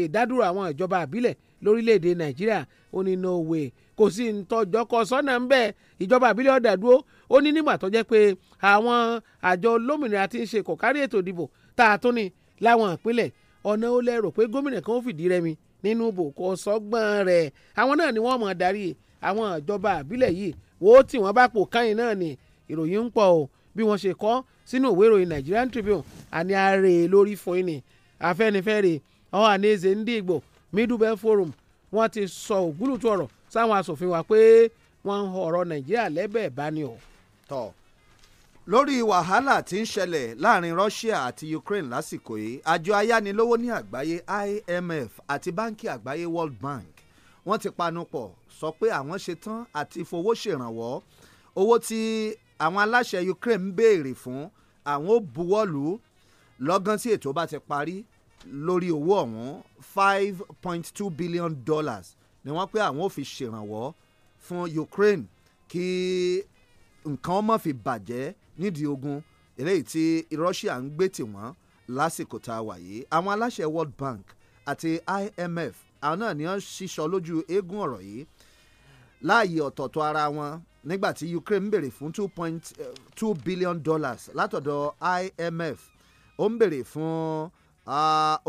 ìdádúró àwọn ìjọba àbílẹ̀ lórílẹ̀‐èdè nàìjíríà ó ní no way kò sí ntọ́jọ́ kọ sọ́nà ń bẹ́ẹ̀ ìjọba àbílẹ̀ ọ̀dà dúró ó ní nígbà tó jẹ́ pé àwọn àjọ olómìnira ti ń ṣe kò kárí ètò ìdìbò tá láwọn ìpínlẹ̀ ọ̀nà ó lẹ́rò pé gómìnà kan ó fìdí rẹmi nínú bòkọ sọ́gbọ́n rẹ̀ àwọn náà ni wọ́n mọ̀ darí àwọn ìjọba àbílẹ̀ yìí wo tí wọ́n bá pò káyìn náà ni ìròyìn ń pọ̀ o bí wọ́n ṣe kọ sínú ìwé ìròyìn Nigerian Tribune àní ààrẹ lórí fọyín ni Afẹ́nifẹ́re Ohanaeze Ndigbo Middle Belt Forum wọ́n ti sọ ògúlùtù ọ̀rọ̀ sáwọn asòfin wa pé wọ́n ń ọ̀rọ̀ Nàìjíríà lẹ́bẹ̀ẹ́ bá ní o. tọ́ lórí wàhálà tí ń ṣẹlẹ̀ láàrin Russia àti Ukraine lásìkò yìí àjọ ayánilówó ní àgbáyé IMF àti báńkì àgbáyé World Bank wọ́n ti panupọ̀ sọ pé àwọn ṣetán àti fowó ṣèrànwọ́ owó tí àwọn aláṣẹ Ukraine ń béèrè fún àwọn ò buwọ́lù lọ́gán tí ètò bá ti parí lórí owó ọ̀hún five point two billion dollars ni wọ́n pé àwọn ò fi ṣèrànwọ́ fún Ukraine kí nǹkan má fi bàjẹ́ nídìí ogun eléyìí tí Russia ń gbé tì wọ́n lásìkò tá a wà yìí àwọn aláṣẹ World Bank àti IMF àwọn náà ni wọ́n ṣíṣọ lójú eégún ọ̀rọ̀ yìí láàyè ọ̀tọ̀ọ̀tọ̀ ara wọn nígbà tí Ukraine ń béèrè fún two point eh, two billion dollars látọ̀dọ̀ IMF ó ń béèrè fún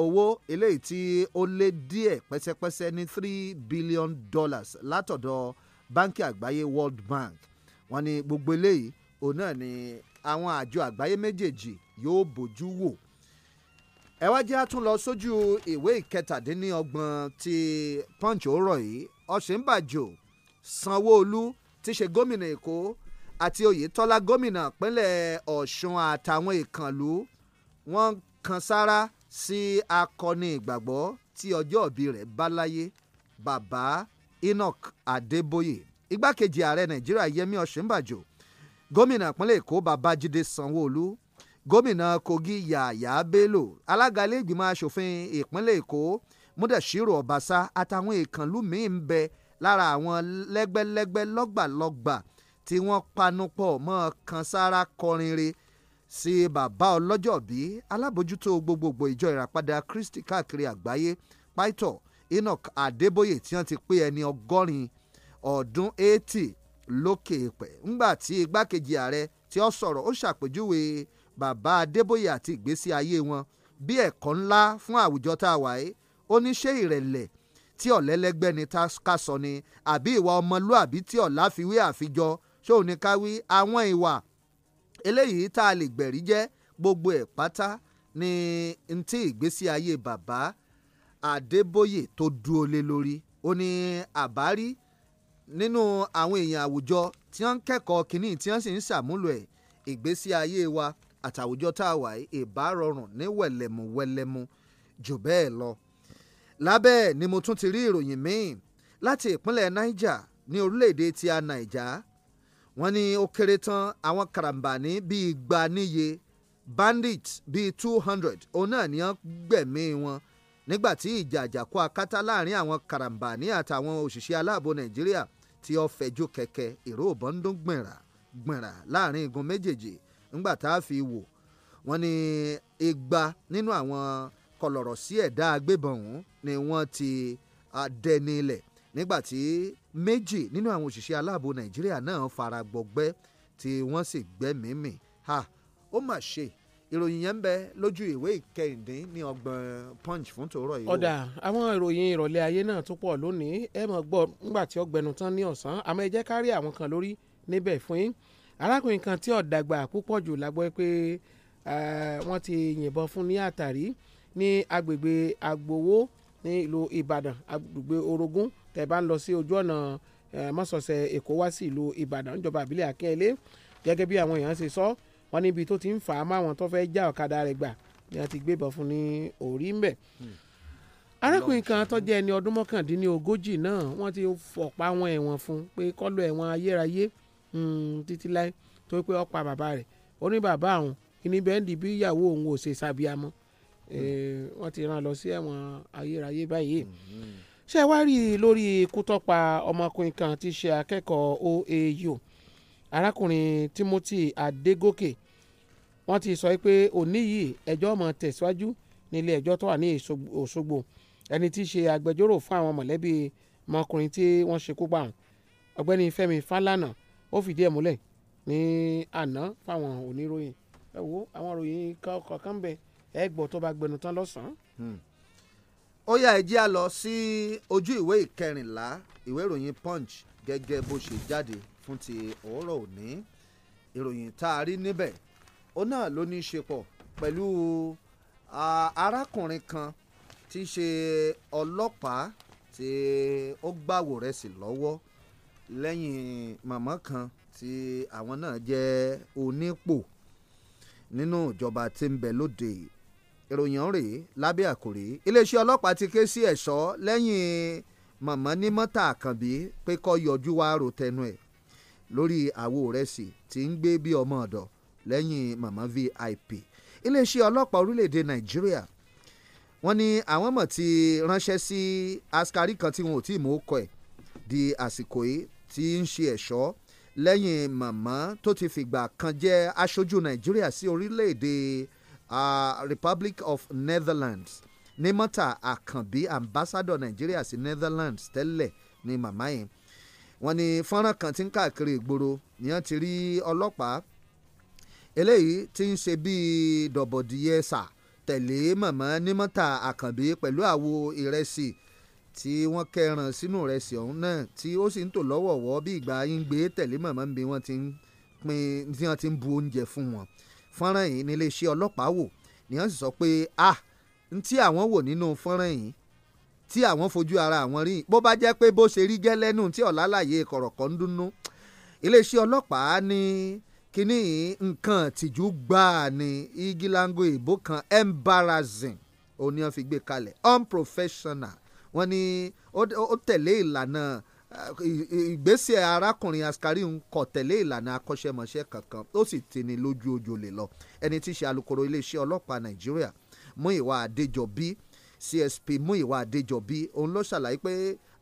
owó eléyìí tí ó lé díẹ̀ pẹ́sẹ́pẹ́sẹ́ ní three billion dollars látọ̀dọ̀ báńkì àgbáyé World Bank wọ́n ní gbogbo eléyìí òun náà ni àwọn àjọ àgbáyé méjèèjì yóò bójú wò ẹ wá jẹ́ àtún lọ sójú ìwé ìkẹtàdínníọgbọ̀n ti punch òórọ̀ yìí ọ̀sìnbàjò sanwó-olú ti ṣe gómìnà èkó àti oyetola gómìnà pínlẹ̀ ọ̀ṣun àtàwọn ìkànlú wọ́n kan sára sí akọni ìgbàgbọ́ tí ọjọ́ òbí rẹ̀ bá láyé bàbá enoch adébóyè igbákejì ààrẹ nàìjíríà yẹmí ọ̀sìnbàjò gómìnà ìpínlẹ̀ èkó babájídé sanwóolu gómìnà kogi yàyà bello alága ilé ìgbìmọ̀ asòfin ìpínlẹ̀ èkó múdẹ̀sírò ọ̀básà àtàwọn ìkànlú míì ń bẹ lára àwọn lẹ́gbẹ́lẹ́gbẹ́ lọ́gbàlọ́gbà tí wọ́n panupọ̀ mọ́ kan sára kọrinre sí bàbá ọlọ́jọ́bí alábòjútó gbogbogbò ìjọ ìràpadà kristi káàkiri àgbáyé pító enoch adébóyè tí wọ́n ti pé ẹni ọgọ́rin ọdún eighty lókè pẹ̀ ńgbà tí igbákejì ààrẹ tí ó sọ̀rọ̀ ó ṣàpèjúwe bàbá Adébóyè àti ìgbésí ayé wọn bí ẹ̀kọ́ ńlá fún àwùjọ tá a wà yìí ó ní ṣé ìrẹ̀lẹ̀ tí ọ̀lẹ́lẹ́gbẹ́ ni ká sọ ni àbí ìwà ọmọlúàbí tí ọ̀la fi wé àfijọ ṣóun ni ká wí àwọn ìwà eléyìí tá a lè gbẹ̀rí jẹ́ gbogbo ẹ̀ pátá ni ntí ìgbésí ayé bàbá Adébóyè tó dúró lé lórí ó ní àbárí nínú àwọn èèyàn àwùjọ tí wọ́n ń kẹ́kọ̀ọ́ kínní tí wọ́n sì ń ṣàmúlò ẹ̀ ìgbésí ayé wa àtàwùjọ tá a wà ìbárọrùn ní wẹ̀lẹ̀mú wẹ̀lẹ̀mú jù bẹ́ẹ̀ lọ. lábẹ́ ẹ̀ ni mo tún ti rí ìròyìn míì láti ìpínlẹ̀ Niger ní orílẹ̀-èdè ti a Naija wọ́n ní ó kéré tán àwọn karambani bíi igba níye bandit bíi two hundred òun náà ni wọ́n gbẹ̀mí wọn nígbà tí ìjà àjàkú akátá láàrin àwọn karambani àtàwọn òṣìṣẹ́ aláàbò Nàìjíríà tí ó fẹjú kẹ̀kẹ́ èrò òbọ̀n ń dún gbìnrà gbìnrà láàrin igun méjèèjì ńgbà tá a fi wò wọ́n ní igba nínú àwọn kọlọ̀rọ̀ sí ẹ̀dá agbébọn ọ̀hún ni wọ́n ti dẹni ilẹ̀ nígbà tí méjì nínú àwọn òṣìṣẹ́ aláàbò nàìjíríà náà fara gbọgbẹ́ tí wọ́n sì gbẹ́mìí mì ha ó mà ṣe ìròyìn yẹn ń bẹ lójú ìwé ìkẹyìndín ní ọgbọ̀n punch fún tòórọ̀ yìí. ọ̀dà àwọn ìròyìn ìrọ̀lẹ́ ayé náà tún pọ̀ lónìí ẹ mọ̀ gbọ́ nígbà tí ọgbẹ̀nu tán ní ọ̀sán àmọ́ ẹ jẹ́ ká rí àwọn kan lórí níbẹ̀ fún yín arákùnrin kan tí ọ̀dàgbà púpọ̀ jù lágbọ́ pé wọ́n ti yìnbọn fún ní àtàrí ní agbègbè agbowó ní ìlú ìbàdàn agbègbè orogún tẹ̀ bá ń bí àwọn èèyàn ṣe sọ wọ́n níbi tó ti ń fà á máwọn tó fẹ́ já ọ̀kadà rẹ̀ gbà ni a ti gbébọn fún ní orí ńbẹ̀. Hmm. arákùnrin kan tó jẹ́ ẹni ọdún mọ́kàndínlógójì náà wọ́n ti fọ̀pá wọn ẹ̀wọ̀n fún pé kọ́lọ́ ẹ̀wọ̀n ayérayé hmm, títí láì tó pé ó pa bàbá rẹ̀ ó ní bàbá àwọn ìní bẹ́ẹ̀ndì bí ìyàwó òun ò ṣe sábìámọ́ hmm. wọ́n ti rán lọ sí ẹ̀wọ̀n ayérayé báyìí ṣé wá rí i lórí ikú tó pa ọmọkùnrin kan tí í ṣe akẹ́kọ̀ọ́ OAU arákùnrin Timothy Adégòkè wọ́n ti sọ pé òní yìí ẹjọ́ máa tẹ̀síwájú nílé ẹjọ́ tó wà ní Òṣogbo ẹni tí í ṣe agbẹjọ́rò fún àwọn mọ̀lẹ́bí ọmọkùnrin tí wọ́n ṣekú pa ọ̀hún ọ̀gbẹ́ni Fẹ́mi Fálànà ó fìdí ẹ̀ múlẹ̀ ní àná fáwọn oníròyìn ẹ wo àwọn òròyìn kọ̀ọ̀kan bẹ ẹ gbọ́ tó bá gbẹnu tán lọ́sàn-án. Hmm. ó yá ẹ jẹ́ a lọ sí ojú ìwé ìkẹrìnlá ìwé ìròyìn Punch gẹ́gẹ́ bó ṣe jáde fún ti òórọ̀ òní ìròyìn tá a rí níbẹ̀ ó náà ló ní í ṣe pọ̀ pẹ̀lú arákùnrin kan tí í ṣe ọlọ́pàá tí ó gbàwò rẹ̀ sí lọ́wọ́ lẹ́yìn màmá kan tí àwọn náà jẹ́ onípò nínú ìjọba tí ń bẹ lóde ìròyìn rèé lábẹ́ àkòrí iléeṣẹ́ ọlọ́pàá ti ké sí ẹ̀ṣọ́ lẹ́yìn màmá ní mọ́tà àkànbí pé kó yọjú wá rò tẹnu ẹ̀ lórí àwo ìrẹsì tí ń gbé bí ọmọ ọ̀dọ̀ lẹ́yìn mama vip iléeṣẹ́ ọlọ́pàá orílẹ̀‐èdè nàìjíríà wọ́n ní àwọn mọ̀ ti ránṣẹ́ sí askari kan tí wọn ò tí mú kọ ẹ̀ di àsìkò yìí tí ń ṣe ẹ̀ṣọ́ lẹ́yìn màmá tó ti fìgbà kan jẹ́ aṣojú nàìjíríà sí orílẹ̀ republic of netherlands ní mọ́tà àkànbí ambassador nàìjíríà sí netherlands tẹ́lẹ̀ ni mama yẹn wọ́n ní fọ́nrán kan tí ń káàkiri ìgboro nìyẹn ti rí ọlọ́pàá eléyìí tí ń ṣe bíi dọ̀bọ̀dìyẹ sà tẹ̀lé mọ̀mọ́ nímọ́ta àkànbí pẹ̀lú àwo ìrẹsì tí wọ́n kẹran sínú ìrẹsì ọ̀hún náà tí ó sì ń tò lọ́wọ̀ọ̀wọ́ bí ìgbà yín gbé tẹ̀lé mọ̀mọ́ ń bí wọ́n ti ń pín tí wọ́n ti ń bu oúnjẹ fún wọn fọ́nrán yìí níléeṣẹ́ ọlọ́pàá wò ni wọ́n sì sọ pé ah ntí àwọn wò nínú fọ́nrán yìí tí àwọn fojú ara àwọn rí bó bá jẹ́ pé bó ṣe rí gẹ́ lẹ́nu tí ọ̀làlàyé kọ̀rọ̀kọ̀ ń dúnú iléeṣẹ́ ọlọ́pàá ní kínní nǹkan tìjú gbáà ní igilango ìbò kan embarrassing òun ni wọ́n fi gbé kalẹ̀ unprofessional wọ́n ní ó tẹ̀lé ìlànà ìgbésẹ̀ arákùnrin askari ń kọ̀ tẹ̀lé ìlànà akọ́ṣẹ́mọṣẹ́ kankan ó sì ti ní lójú ojúlé lọ ẹni tí í ṣe alukoro iléeṣẹ́ ọlọ́pàá nàìjíríà Múyìwá Adéjọbí CSP Múyìwá Adéjọbí òun ló ṣàlàyé pé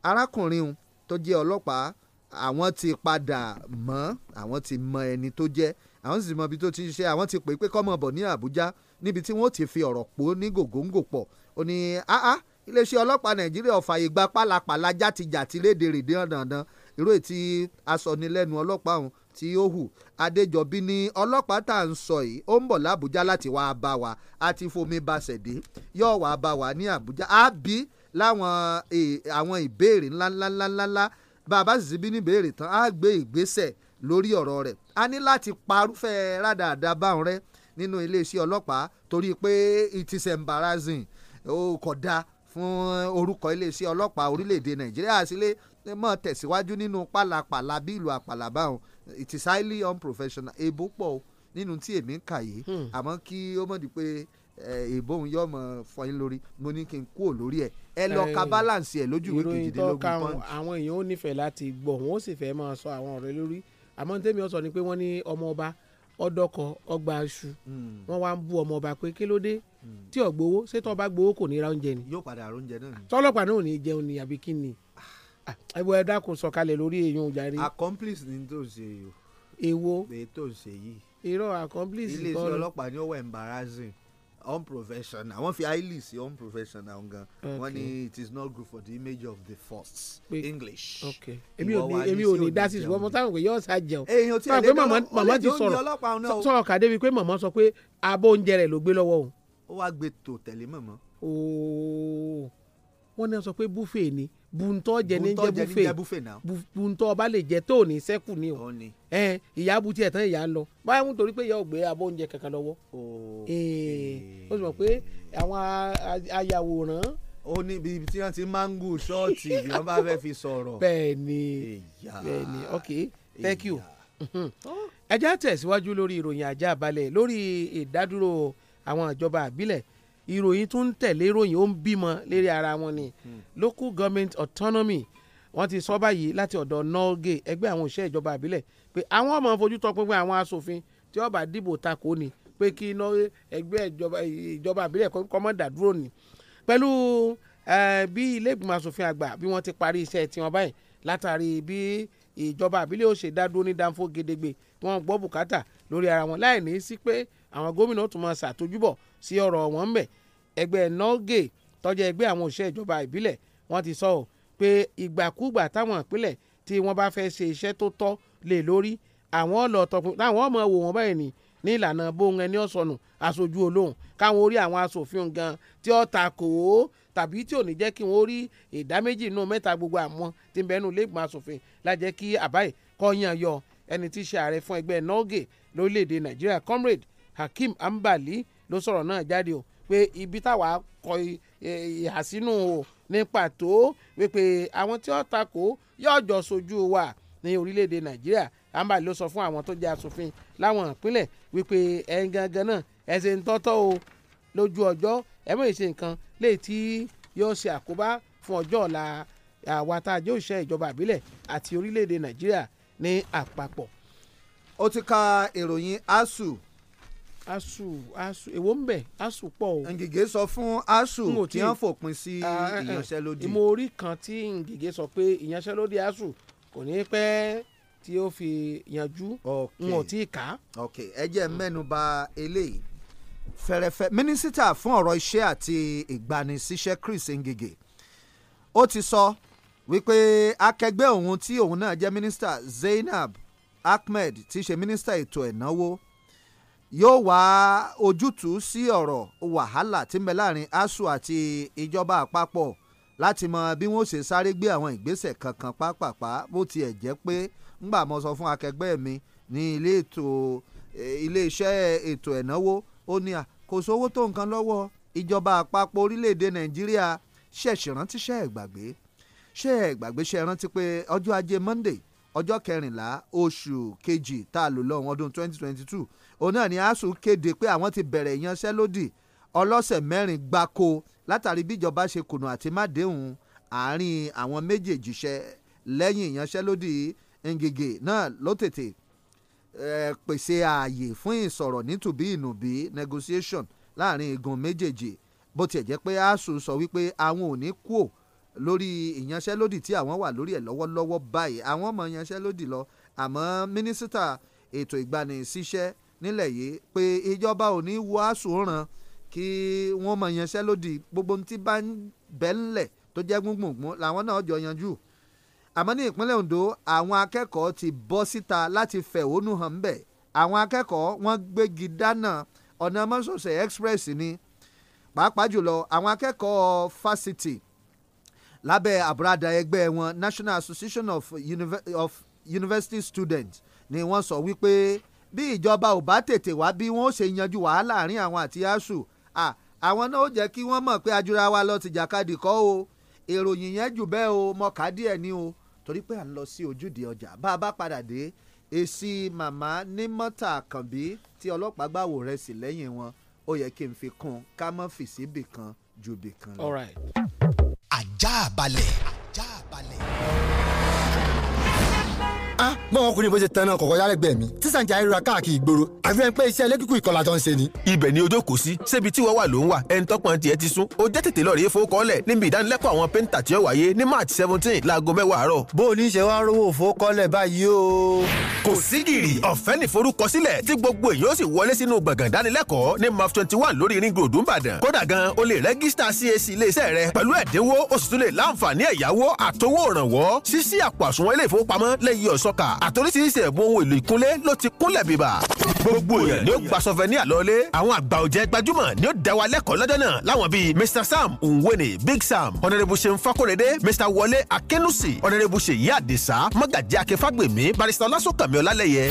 arákùnrin òun tó jẹ́ ọlọ́pàá àwọn ti padà mọ̀ àwọn ti mọ ẹni tó jẹ́ àwọn sì mọ ibi tó ti ṣe àwọn ti pè é pé kọ́mọ bọ̀ ní Àbújá níbi tí wọ́n ti fi ọ̀rọ̀ pò ní gògóńgò pọ̀ ó ní áá iléeṣẹ́ ọlọ́pàá Nàìjíríà ọ̀fà ìgbà pálapàla játijàti léde rèdè ọ̀dàndàn irú ètí asọnilẹ́nu ọlọ́pàá ọ̀hún tí ó hù adéjọbí ní ọlọ́pàá tá à ń sọ yìí ó ń bọ̀ lábújá láti wáá bá wa àti fomi basẹ̀ dé yóò wáá bá wa ní àbújá àbí láwọn e, àwọn ìbéèrè ńláńláńláńlá bàbá sì bí ní ìbéèrè tán á gbé ìgbésẹ̀ lórí ọ̀rọ̀ rẹ̀ a ní láti parúfẹ́ rádàdà báwọn rẹ nínú iléeṣẹ́ ọlọ́pàá torí pé it is embarrassing ó kọ̀ da fún orúkọ iléeṣẹ́ ọlọ́pàá orílẹ̀-èdè nàìjíríà sílé mọ̀ tẹ̀síwájú nínú pàlàpàlà bí ìlú àpàlà it is highly unprofessional èbó pọ̀ o nínú tí èmi ń kà yìí hmm. àmọ́ kí ó mọ̀ di pé èbó òun yóò mọ̀ fọyín lórí mo ní kí n kúrò lórí ẹ̀ ẹ lọ ka eh, balance ẹ̀ lójú ìwé kejìdínlógún punch. àwọn èèyàn ò nífẹ̀ẹ́ láti gbọ́ wọn ó sì fẹ́ máa sọ àwọn ọ̀rẹ́ lórí àmọ́ tèmi ó sọ ni pé wọ́n ní ọmọ ọba ọdọkọ ọgbà aṣù hmm. wọn wá ń bú ọmọ ọba pé kí ló dé hmm. tí ọgbowó ṣé tó gbowó kò ní ra oúnjẹ ni. yóò padà ra oúnjẹ náà ni. tọ́lọ́pàá náà ò ní jẹun ni àbí kí ni ẹ wo ẹ dákun sọ̀kalẹ̀ lórí èèyàn òjàre. accomplice ni tó ń ṣe yìí èwo èyí tó ṣe yìí. irọ́ accomplice kan. iléeṣẹ́ ọlọ́pàá ni ó wà embarrassing unprofessional wọ́n fi highly sí unprofessional gan wọ́n ní it is not good for the image of the force english. èmi ò ní èmi ò ní dásìsì wọ́n mọ táwọn pé yóò sá jẹun máa pé màmá ti sọ̀rọ̀ sọ̀rọ̀ kàdé bíi pé màmá sọ pé abó oúnjẹ rẹ̀ ló gbé lọ́wọ́ òun. ó wá gbé tò tẹ̀lé màmá. ooo wọ́n náà sọ pé buffet ni buntọ́ jẹ ní jẹ́ buffet buntọ́ ọba lè jẹ tó ní sẹ́kù ni o ìyá abutí ẹ̀ tán ìyá ń lọ báyọ̀ ń torí pé ìyá ògbé abọ́ oúnjẹ kankan lọ́wọ́ ó sì mọ̀ pé àwọn ayàwòrán ó ní ibi tí wọ́n ti mango ṣọ́ọ̀tì bí wọ́n bá fẹ́ fi sọ̀rọ̀. bẹ́ẹ̀ni bẹ́ẹ̀ni ok thank you. Mhm. ẹ já tẹ̀síwájú lórí ìròyìn ajá balẹ̀ lórí ìdádúró àwọn ìjọba àbílẹ̀ ìròyìn tún ń tẹ̀lé ìròyìn ó ń bímọ lérí ara wọn ni hmm. local government autonomy wọ́n ti sọ báyìí láti ọ̀dọ̀ norge ẹgbẹ́ àwọn òṣìṣẹ́ ìjọba àbílẹ̀ pé àwọn ọmọ fojú tọpinpin àwọn asòfin tí ó bá dìbò takò ni pé kí ẹgbẹ́ ìjọba àbílẹ̀ kọ́mọ́dà dúró ni pẹ̀lú bí ilé ìgbìmọ̀ asòfin àgbà bí wọ́n ti parí iṣẹ́ tiwọn báyìí látàrí bí ìjọba àbílẹ̀ ó ṣe dádúró ní dánfó gedegbe tí wọ́n gbọ́ bùkátà lórí ara wọn láì ní sí pé àwọn gómìnà tún máa ṣàtójúbọ̀ sí ọ̀rọ̀ wọn ń bẹ̀ ẹgbẹ́ norgay tọ́jú ẹgbẹ́ àwọn òṣìṣẹ́ ìjọba ìbílẹ̀ wọ́n ti sọ ọ́ pé ìgbàkúgbà táwọn ìpínlẹ̀ tí wọ́n bá fẹ́ ṣe iṣẹ́ tó tọ́ lè lórí àwọn lọ tọpin táwọn ọmọ wò wọ́n báyìí ni ní ìlànà bóun ẹni ọ̀sọ̀nù aṣojú olóhùn káwọn orí àwọn aṣòfin gan tí ó ta kò ó tàbí tí ò ní jẹ́ kí wọ́n rí ìdá méjì nínú mẹ́ta gbogbo àwọn tí ń bẹ nínú lẹ́gbọ̀n aṣòfin lájẹ́ kí àbáyé kọ́yàn yọ ẹni tí í ṣe ààrẹ fún ẹgbẹ́ norgay lórílẹ̀‐èdè nàìjíríà comrade hakeem ambali ló sọ̀rọ̀ náà jáde o pé ibi táwa kọ e, ìhà sínú o ní pàtó wípé àwọn tí wọ́n takò yóò jọ sojú wa ní orílẹ̀-èdè nàìjíríà àmbà ló sọ fún àwọn tó jẹ́ asòfin láwọn ìpínlẹ̀ wípé ẹ̀yin gangan náà ẹ̀sìn ń tọ́tọ́ o lójú ọjọ́ ẹ̀mọ́ ìṣe nǹkan lè tí yóò ṣe àkóbá fún ọjọ́ ọ̀la àwa tá a jẹ́ òṣìṣẹ́ ìjọba àbílẹ̀ àti orílẹ̀-èdè nàìjíríà ní àpapọ̀. ó ti ka ìròyìn asu asu asu èwo ń bẹ asu pọ̀ o. ngègé sọ fún asu tí wọ́n fòpin sí ah, eh, eh, ìyanṣẹ́lódì. ìmọ̀ orí kan tí ngègé sọ pé ìyanṣẹ́lódì asu kò ní pẹ́ tí ó fi yanjú n ò tí ì kà. ok ẹ jẹ́ mẹ́nu bà eléyìí fẹ́rẹ́fẹ́ mínísítà fún ọ̀rọ̀ iṣẹ́ àti ìgbanisíṣẹ́ Chris Ngige ó ti sọ wípé akẹgbẹ́ òun tí òun náà jẹ́ mínísítà Zainab Ahmed ti ṣe mínísítà ètò ẹ̀náwó yóò wá ojútùú sí ọ̀rọ̀ wàhálà tí ń bẹ láàrin ASUU àti ìjọba àpapọ̀ láti mọ bí wọ́n ṣe sáré gbé àwọn ìgbésẹ̀ kankan pápápá bó tiẹ̀ jẹ́ pé ńgbà mo sọ fún akẹgbẹ́ mi ní ilé ètò e, ilé iṣẹ́ ètò ẹ̀náwó ó ní à kò sówó tó nǹkan lọ́wọ́ ìjọba àpapọ̀ orílẹ̀-èdè Nàìjíríà ṣẹ̀ṣẹ̀ rántí ṣẹ́ ẹ̀ gbàgbé ṣẹ́ gbàgbé ṣẹ́ rántí pé ọjọ́ ajé Monday ọjọ́ kẹrìnlá oṣù kejì tá a lò lọ́wọ́ ọdún 2022 òun náà ni asuu kéde pé àwọn ti bẹ̀rẹ̀ ìyanṣẹ́lódì ọlọ́sẹ̀ mẹ́rin gbáko látàrí bíjọba ṣe kùnà àti má déhùn àárín àwọn méjèèjì ṣẹ lẹ́yìn ìyanṣẹ́lódì ngige náà ló tètè pèsè ààyè fún ìsọ̀rọ̀ nítùbí ìnùbí negotiation láàrin igun méjèèjì bó tiẹ̀ jẹ́ pé asuu sọ wípé àwọn ò ní kú ò lórí ìyanṣẹ́lódì tí àwọn wà lórí ẹ̀ lọ́wọ́lọ́wọ́ báyìí àwọn ọmọ ìyanṣẹ́lódì lọ àmọ́ mínísítà ètò ìgbanisíṣẹ́ si nílẹ̀ yìí pé ìjọba ò ní wo àsòràn kí wọ́n mọ̀ yanṣẹ́ lódì gbogbo tí bá ń bẹ́ ńlẹ̀ tó jẹ́ gbùngbùngbùn làwọn náà jọ yanjú àmọ́ ní ìpínlẹ̀ Ondo àwọn akẹ́kọ̀ọ́ ti bọ́ síta láti fẹ̀hónú hàn bẹ̀ àwọn akẹ́kọ̀ọ́ wọ́n gbégi dáná ọ̀nà mọ́sọ̀ọ̀sẹ̀ express ni pàápàá jùlọ àwọn akẹ́kọ̀ọ́ fásitì lábẹ́ àbúradà ẹgbẹ́ wọn National Association of, Univer of University Students ni wọ́n sọ wípé bí ìjọba ò bá tètè wá bí wọ́n ó ṣe yanjú wàhálà àárín àwọn àti asu àwọn náà ó jẹ́ kí wọ́n mọ̀ pé ajura wa lọ tìjàkadì kọ́ o èròyìn yẹn jù bẹ́ẹ̀ o mọ̀ká díẹ̀ ni o torí pé à ń lọ sí ojúde ọjà bá a bá padà dé èsì màmá ní mọ́tà àkànbí tí ọlọ́pàá gbà wò rẹ̀ sí lẹ́yìn wọn ó yẹ kí n fi kún ká mọ́ fìsí bìkan ju bìkan lọ. ajá balẹ̀. ajá balẹ̀ ah mọ ọkùnrin bó ṣe tán náà kọ̀kọ́ yálẹ̀gbẹ́ mi tí Sànjá ìrora káàkiri ìgboro àfi ẹni pé iṣẹ́ elékùkù ìkọlà jọ ń ṣe ni. ibẹ̀ ni ojókòó sí ṣébi tí wọ́n wà ló ń wà ẹni tọ́pọ̀ tiẹ̀ ti sún ó jẹ́ tètè lọ́ọ̀rì ìfowókọ́lẹ̀ níbi ìdánilẹ́kọ̀ọ́ àwọn pẹ́ńtà tí ó wáyé ní March seventeen láago mẹ́wàá àárọ̀. bó o ní ṣe wá rówó ìfowókọ́lẹ̀ báyìí o. kò sí gìrì ọ̀fẹ́ nìforúkọsílẹ̀ tí gbogbo èèyàn sì wọlé sínú gbọ̀ngàn twenty one lórí irin gòdùn Ìbàdàn kódà gan o lè rẹ́gísítà CAC iléeṣẹ́ rẹ pẹ̀lú ẹ̀dínwó o sì tún lè láǹfààní ẹ̀yáwó àtowó ìrànwọ́ sísí sọ́kà àtoríṣiríṣi ẹ̀bùn ohun èlò ìkúnlé ló ti kúnlẹ̀ bíbà gbogbo èèyàn ni ó gba sọfẹ́níà lọ́lé àwọn àgbà òjẹ́ gbajúmọ̀ ni ó dá wa lẹ́kọ̀ọ́ lọ́jọ́ náà láwọn bíi Mr Sam Nwene Big Sam Honourable Seun Fakorede Mr Wọlé Akínúsì Honourable Ṣèyí Àdìsá Mágàjí Akínfágbèmí Barrister Ọlásùnkànmí Ọlálẹ́yẹ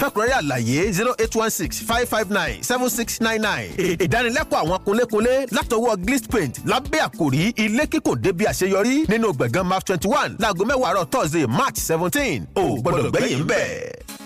fẹ́kúrẹ́rẹ́ àlàyé zero eight one six five five nine seven six nine nine ìdánilẹ́kọ̀ọ́ àwọn kunlékunlé látọwọ́ Glist Paint lábẹ́ àkòrí ilé kíkùn débi àṣeyọrí nínú gbẹ̀ngàn map twenty one láago mẹ́wàá Thursday March seventeen o gbọ́dọ̀ gbẹ́yìn bẹ́ẹ̀.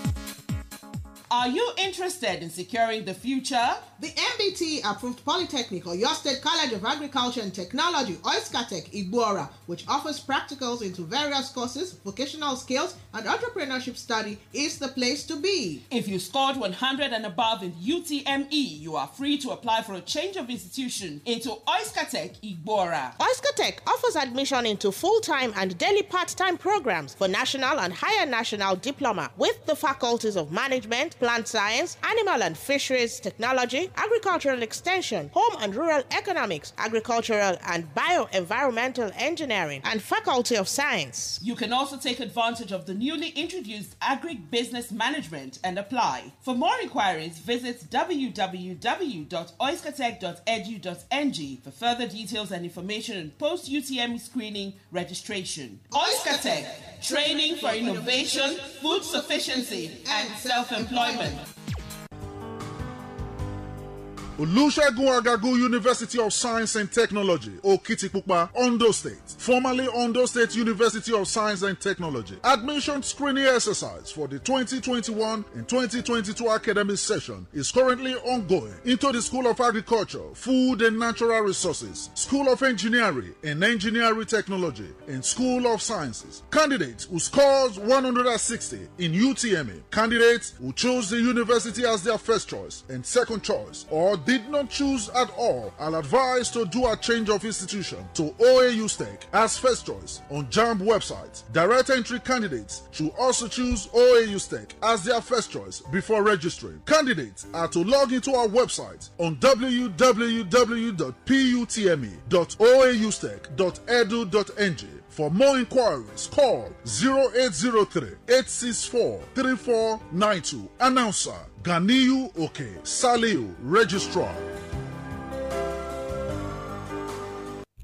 Are you interested in securing the future? The MBT approved Polytechnic or your state College of Agriculture and Technology, Oiskatech Igbora, which offers practicals into various courses, vocational skills, and entrepreneurship study, is the place to be. If you scored 100 and above in UTME, you are free to apply for a change of institution into Oiskatech Igbora. Oiskatech offers admission into full time and daily part time programs for national and higher national diploma with the faculties of management, plant science, animal and fisheries technology, agricultural extension, home and rural economics, agricultural and bioenvironmental engineering, and faculty of science. You can also take advantage of the newly introduced agribusiness management and apply. For more inquiries, visit www.oiskatech.edu.ng for further details and information on post UTM screening registration. Oiskatech, training for innovation, food sufficiency, and self employment open. Olusegun Agagu University of Science and Technology, Okitipupa, Ondo State. Formerly Ondo State University of Science and Technology. Admission screening exercise for the 2021 and 2022 academic session is currently ongoing into the School of Agriculture, Food and Natural Resources, School of Engineering and Engineering Technology, and School of Sciences. Candidates who scores 160 in UTME. Candidates who choose the university as their first choice and second choice or did not choose at all are advised to do a change of institution to OAU STEC as first choice on JAMB website. Direct entry candidates should also choose OAU STEC as their first choice before registering. Candidates are to log into our website on www.putme.oaustech.edu.ng For more inquiries, call 0803-864-3492. Announcer Ganiyu Oke, Saliu Registrar.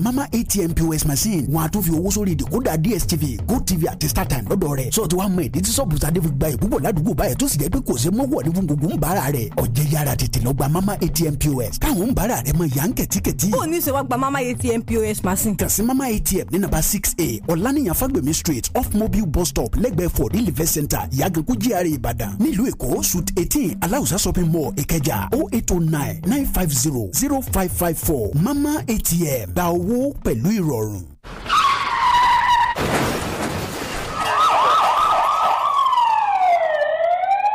mama atm pos machine wọn a tún fi owó sórí ìdìkúdà dstv gotv àti startime lọ́dọ̀ rẹ̀ sọ ti wá mọ ìdí tí sọ́ọ̀bù sadé fi gba ìbúbọ̀ ládùúgbò báyìí tó sì jẹ́ pé kò ṣe mọ́wọ́ ní gbogbo ń bára rẹ̀ ọ̀jẹ̀ yára tètè lọ gba mama atm pos káwọn ń bára rẹ̀ mọ ìyá ń kẹ̀tíkẹ̀tí. ó ní ṣe gba mama atm pos machine. kàn sí mama atm ní nàbà six a ọ̀lànìyàn fagbemi street off mobile bus stop lẹ́gbẹ̀ẹ́ for real event center ìyàgànkú GRA ìbàdàn nílùú èkó suit eighteen aláùsá shopping mall ìkẹjà Oh eight oh nine nine five zero zero five five four mama atm gba owó owó pẹ̀lú ìrọ̀rùn.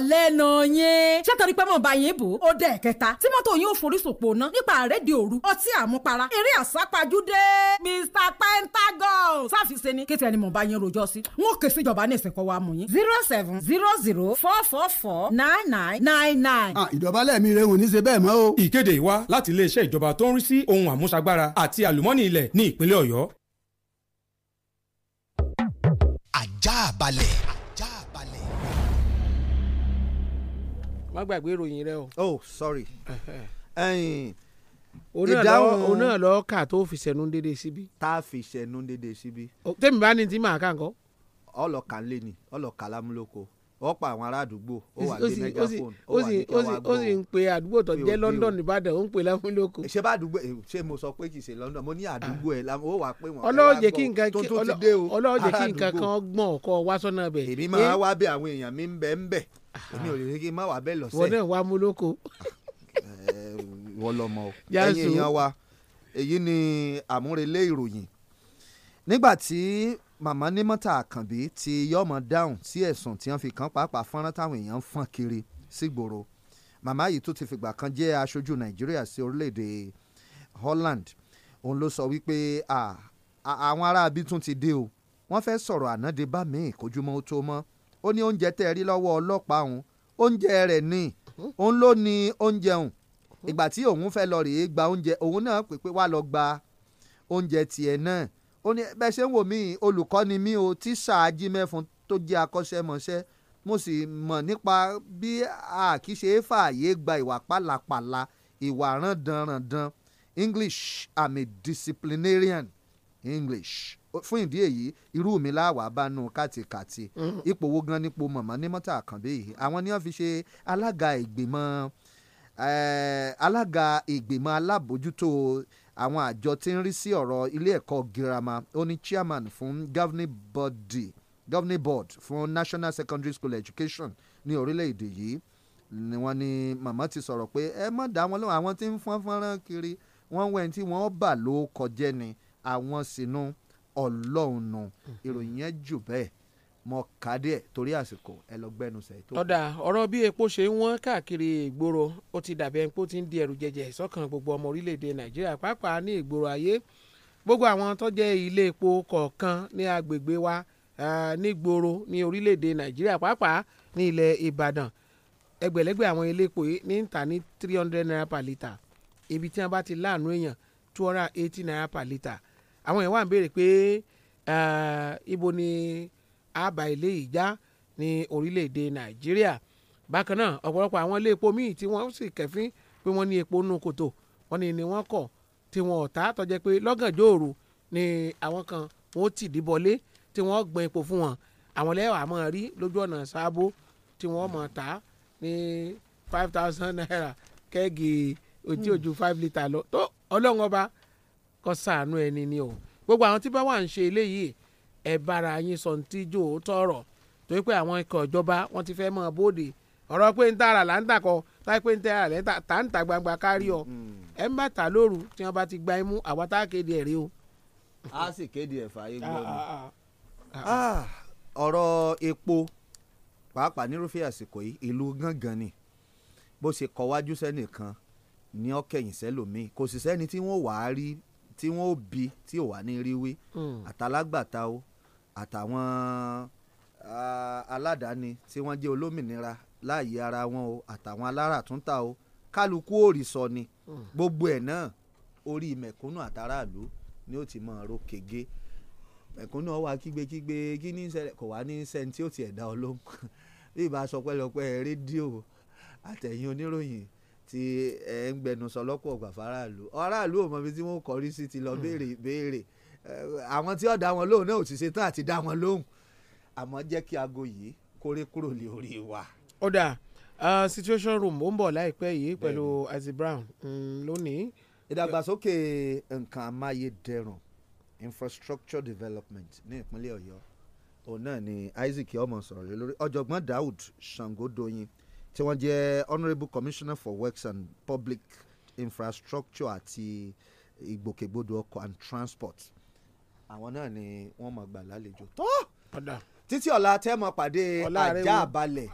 lẹ́nu yẹn ṣètò rí mọ̀ bá yẹn bò ó dẹ̀ kẹta tí mọ́tò yín ò ná nípa àrédè òru ọtí àmupara eré àsápajúdé Mr Pentagon sáfìsẹ́ ni kéte ẹni mọ̀ bá yẹn rojọ́ sí wọn ò ké síjọba ní ìsìnkú wa mú yín zero seven zero zero four four four nine nine nine nine. Ah, ìdọ̀bálẹ̀ mi rehun ní ṣe bẹ́ẹ̀ mọ́ o. ìkéde wa láti iléeṣẹ́ ìjọba tó ń rí sí ohun àmúṣagbára àti àlùmọ́nì ilẹ̀ ní ìpínlẹ̀ Ọ̀yọ́. àjàbalẹ̀. má gbàgbé ìròyìn rẹ o. oh sorry. ìdáhùn òun náà lọ kà tó fi sẹnu dédé síbí. tá a fi sẹnu dédé síbí. tèmi bá ní tí màá kà ńkọ́. ọlọ́kà lé ní ọlọ́kà lámúlòkọ wọ́n àwọn ará àdúgbò ó wà ní megaphone ó wà ní kẹwàá gbọ́. ó sì ń pe àdúgbò tó jẹ́ London ó ń pe lámúlòkọ. ṣé bá àdúgbò eh, mo sọ pé kì London mo ní àdúgbò ẹ ó wà pé wọn. ọlọ́ọ̀jẹ̀ kí nǹkan kí ọlọ́ọ̀jẹ̀ kí nǹkan kan gbọ̀n ọkọ̀ wá sọ́nà bẹ̀. èmi máa eh? wá àwọn èèyàn mi ń èmi ò lè ní kí n má wà bẹ́ẹ̀ lọ́sẹ̀. wọn náà wá mú lóko. wọ́n lọ mọ ẹ̀yin èèyàn wa èyí ni àmúrelé ìròyìn nígbà tí màmá nímọ́ta àkànbí ti yọmọ dáhùn sí ẹ̀sùn tí wọ́n fi kàn pàápàá fọ́nrán táwọn èèyàn ń fọ́n kiri sígboro màmá yìí tó ti fìgbà kan jẹ́ aṣojú nàìjíríà sí orílẹ̀-èdè Holland òun ló sọ wípé àwọn ará abí tún ti dé o wọ́n fẹ́ sọ̀rọ̀ ànádébá míì kójúmọ́ ó tó mọ́ ó ní oúnjẹ tẹ́ ẹ rí lọ́wọ́ ọlọ́pàá òun oúnjẹ rẹ̀ ni òun ló ní oúnjẹ òun ìgbà tí òun fẹ́ lọ rèé gba oúnjẹ òun náà pè pé wá lọ gba oúnjẹ tiẹ̀ náà ó ní bẹ́ẹ̀ ṣe ń wò mí olùkọ́ ni mí o tíṣà ajímẹ́fun tó jẹ́ akọ́ṣẹ́mọṣẹ́ mo sì mọ̀ nípa bí àkíṣe fààyè gba ìwà pálapàla ìwà rándanrandan English I'm a disciplinarian English fún ìdí èyí irú mi láwàá bá nu kàtìkàtì mm. ipò wo gan nípò mọ̀mọ́ ní mọ́tà àkànbí yìí àwọn ni wọ́n fi ṣe alága ìgbìmọ̀ alága ìgbìmọ̀ alábòjútó àwọn àjọ tí ń rí sí ọ̀rọ̀ ilé ẹ̀kọ́ girama ó ní chairman fún governing body governing board fún national secondary school education ní orílẹ̀-èdè yìí ni wọ́n ní màmá ti sọ̀rọ̀ pé ẹ má dá wọn lóhùn àwọn tí ń fọ́n kiri wọ́n wẹ̀ tí wọ́n bà ló kọjẹ́ ni àwọn sínú. Si ọlọ́run nù mhm. ìròyìn yẹn jù bẹ́ẹ̀ mọ kàdé ẹ̀ torí àsìkò ẹ lọ gbẹnu sẹ̀ tó. ọ̀dà ọ̀rọ̀ bí epo ṣe ń wọ́n káàkiri ìgboro ó ti dàbí ẹni pé ó ti ń di ẹ̀rù jẹjẹ sọ́kàn gbogbo ọmọ orílẹ̀-èdè nàìjíríà pàápàá ní ìgboro ayé gbogbo àwọn tó jẹ́ ilé epo kọ̀ọ̀kan ní agbègbè wa nígboro ní orílẹ̀-èdè nàìjíríà pàápàá ní ilẹ̀ ìbàdàn ẹgbẹ̀lẹ́gbẹ̀ àwọn ilé epo ní ń tà ní three hundred naira per litre ibi tí wọ́n bá ti láàánú èèyàn two hundred eighty naira per litre àwọn yẹn wà ń béèrè pé ibo ni àbá ilé ìjà ní orílẹ̀-èdè nàìjíríà bákan náà ọ̀pọ̀lọpọ̀ àwọn ilé epo míì tí wọ́n sì kẹ̀fín pé wọ́n ní epo nù kòtò wọ́n ní ni wọ́n kọ̀ tí wọ́n ọ̀tá tọ́jẹ́ pé lọ́gànjọ́ òru ni àwọn kan wọ́n ti dìbọ̀lé tí wọ́n gbọ́n epo fún wọn àwọn lẹ́wọ̀ àmọ́ rí lójú ọ̀nà sábó tí wọ́n mọ̀ ta ní five thousand naira kẹ́ẹ̀gì ojú ojú five litre lọ tó ọlọ́run ọba kó ṣàánú ẹni ni o gbogbo àwọn tí bá wà ń ṣe eléyìí ẹ bára yín sọ ní tíjó tọrọ torí pé àwọn ikọ̀ ìjọba wọ́n ti fẹ́ mọ́ bóde ọ̀rọ̀ pé ń tààrà là ń tàkọ táyé pé ń tààrà lẹ́ tà ń tà gbangba kárí ọ mm-hmm. ẹ ń bá tà lóru tí wọ́n bá ti gba imú àwa tá a kéde ẹ̀ rí o. a sì kéde ẹ̀fà ayé mi. Ah, ah, ah, ọ̀rọ̀ epo pàápàá nírúfẹ́ àsìkò yìí ìlú gángan ni bó ṣe kọwájú sẹ́nìkan ní ọ̀kẹ́yìn sẹ́lòmíì kò sì sẹ́ni tí wọ́n wàá rí tí wọ́n ó bi tí ò wá ní rí wí hmm. àtàlágbàtà o àtàwọn aládàáni tí wọ́n jẹ́ olómìnira láàyè ara wọn o àtàwọn aláràtúntà o kálukú òrìṣọ ni hmm. gbogbo ẹ̀ náà orí mẹ̀kúnnù àtàràlú ni ó ti mọ̀ ọ́n ro kege mẹ̀kúnnù ọwọ́ akígbekígbe kí ní ṣẹlẹ̀ kò wá ní sẹ́ni tí ó ti ẹ̀dá olóhùn bí ìbá sọpẹ́lọpẹ́ rédíò àtẹ̀yìn oníròyìn tí ẹ ń gbẹnusọ lọ́pọ̀ ọ̀gbà faraàlú aráàlú ò mọ ibi tí wọ́n kọrí sí ti lọ hmm. béèrè béèrè àwọn tí ó dá wọn lóhùn náà ò sì ṣetán àti dá wọn lóhùn àmọ́ jẹ́ kí aago yìí kórè kúrò lé wa. ó dà situation room ó ń bọ̀ láìpẹ́ yìí pẹ̀lú Azi Brown mm, lónìí. ìdàgbàsókè nǹkan amáyédẹrùn infrastructure development ní ìpínlẹ̀ Ọ̀yọ́ òun náà ni Isaac ọmọ sọ̀rọ̀ lórí ọ̀jọ̀gbọ́n Daud Sangodoyin tí wọ́n jẹ́ honourable commissioner for works and public infrastructure àti ìgbòkègbodò ọkọ̀ and transport àwọn náà ni wọ́n máa gbà lálejò tó títí ọ̀la tẹ́ mọ pàdé ajá àbálẹ̀.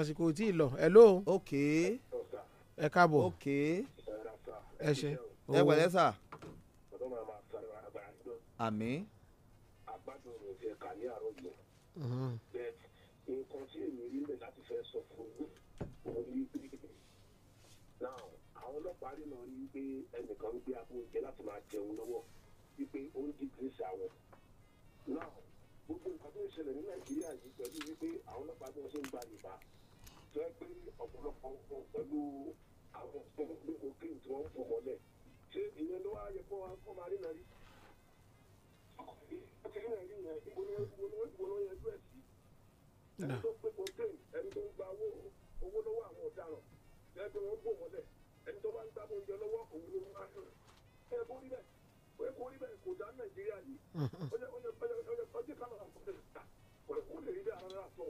àsìkò tí ì lọ hello. ok ẹ káàbọ̀ ok ẹ ṣe. ẹ wẹ̀lẹ́ sà. àmì nǹkan tí èmi rí lè láti fẹ́ sọ fún yín òun pé now àwọn ọlọ́pàá rí náà rí pé ẹnìkan gbé abó oúnjẹ láti máa jẹun lọ́wọ́ wípé ó ń dìgírísì àwọn now gbogbo nǹkan tó ń ṣẹlẹ̀ ní nàìjíríà yìí pẹ̀lú wípé àwọn ọlọ́pàá bí wọ́n ṣe ń gba ìbá tó yẹ pé ọ̀pọ̀lọpọ̀ pẹ̀lú àwọn ọ̀pọ̀lọpọ̀ òkèèrè tí wọ́n ń fò mọ́lẹ̀ ṣé ìyẹn ló wá yẹ kó máa rí náà rí náà rí ẹni tó pé cocaine ẹni tó ń gba owó owó lọ́wọ́ àwọn ọ̀daràn jẹ́ pé wọ́n gbò wọ́n lẹ̀ ẹni tó bá ń gbá oúnjẹ lọ́wọ́ òun ló ń wá sùn ẹ kó rí bẹ́ẹ̀ pé kó rí bẹ́ẹ̀ kò dá nàìjíríà yìí ọjọ́ ọjọ́ ọjọ́ ọjọ́ kálọ̀ àkọsílẹ̀ kó lè rí bẹ́ẹ̀ ara rà sọ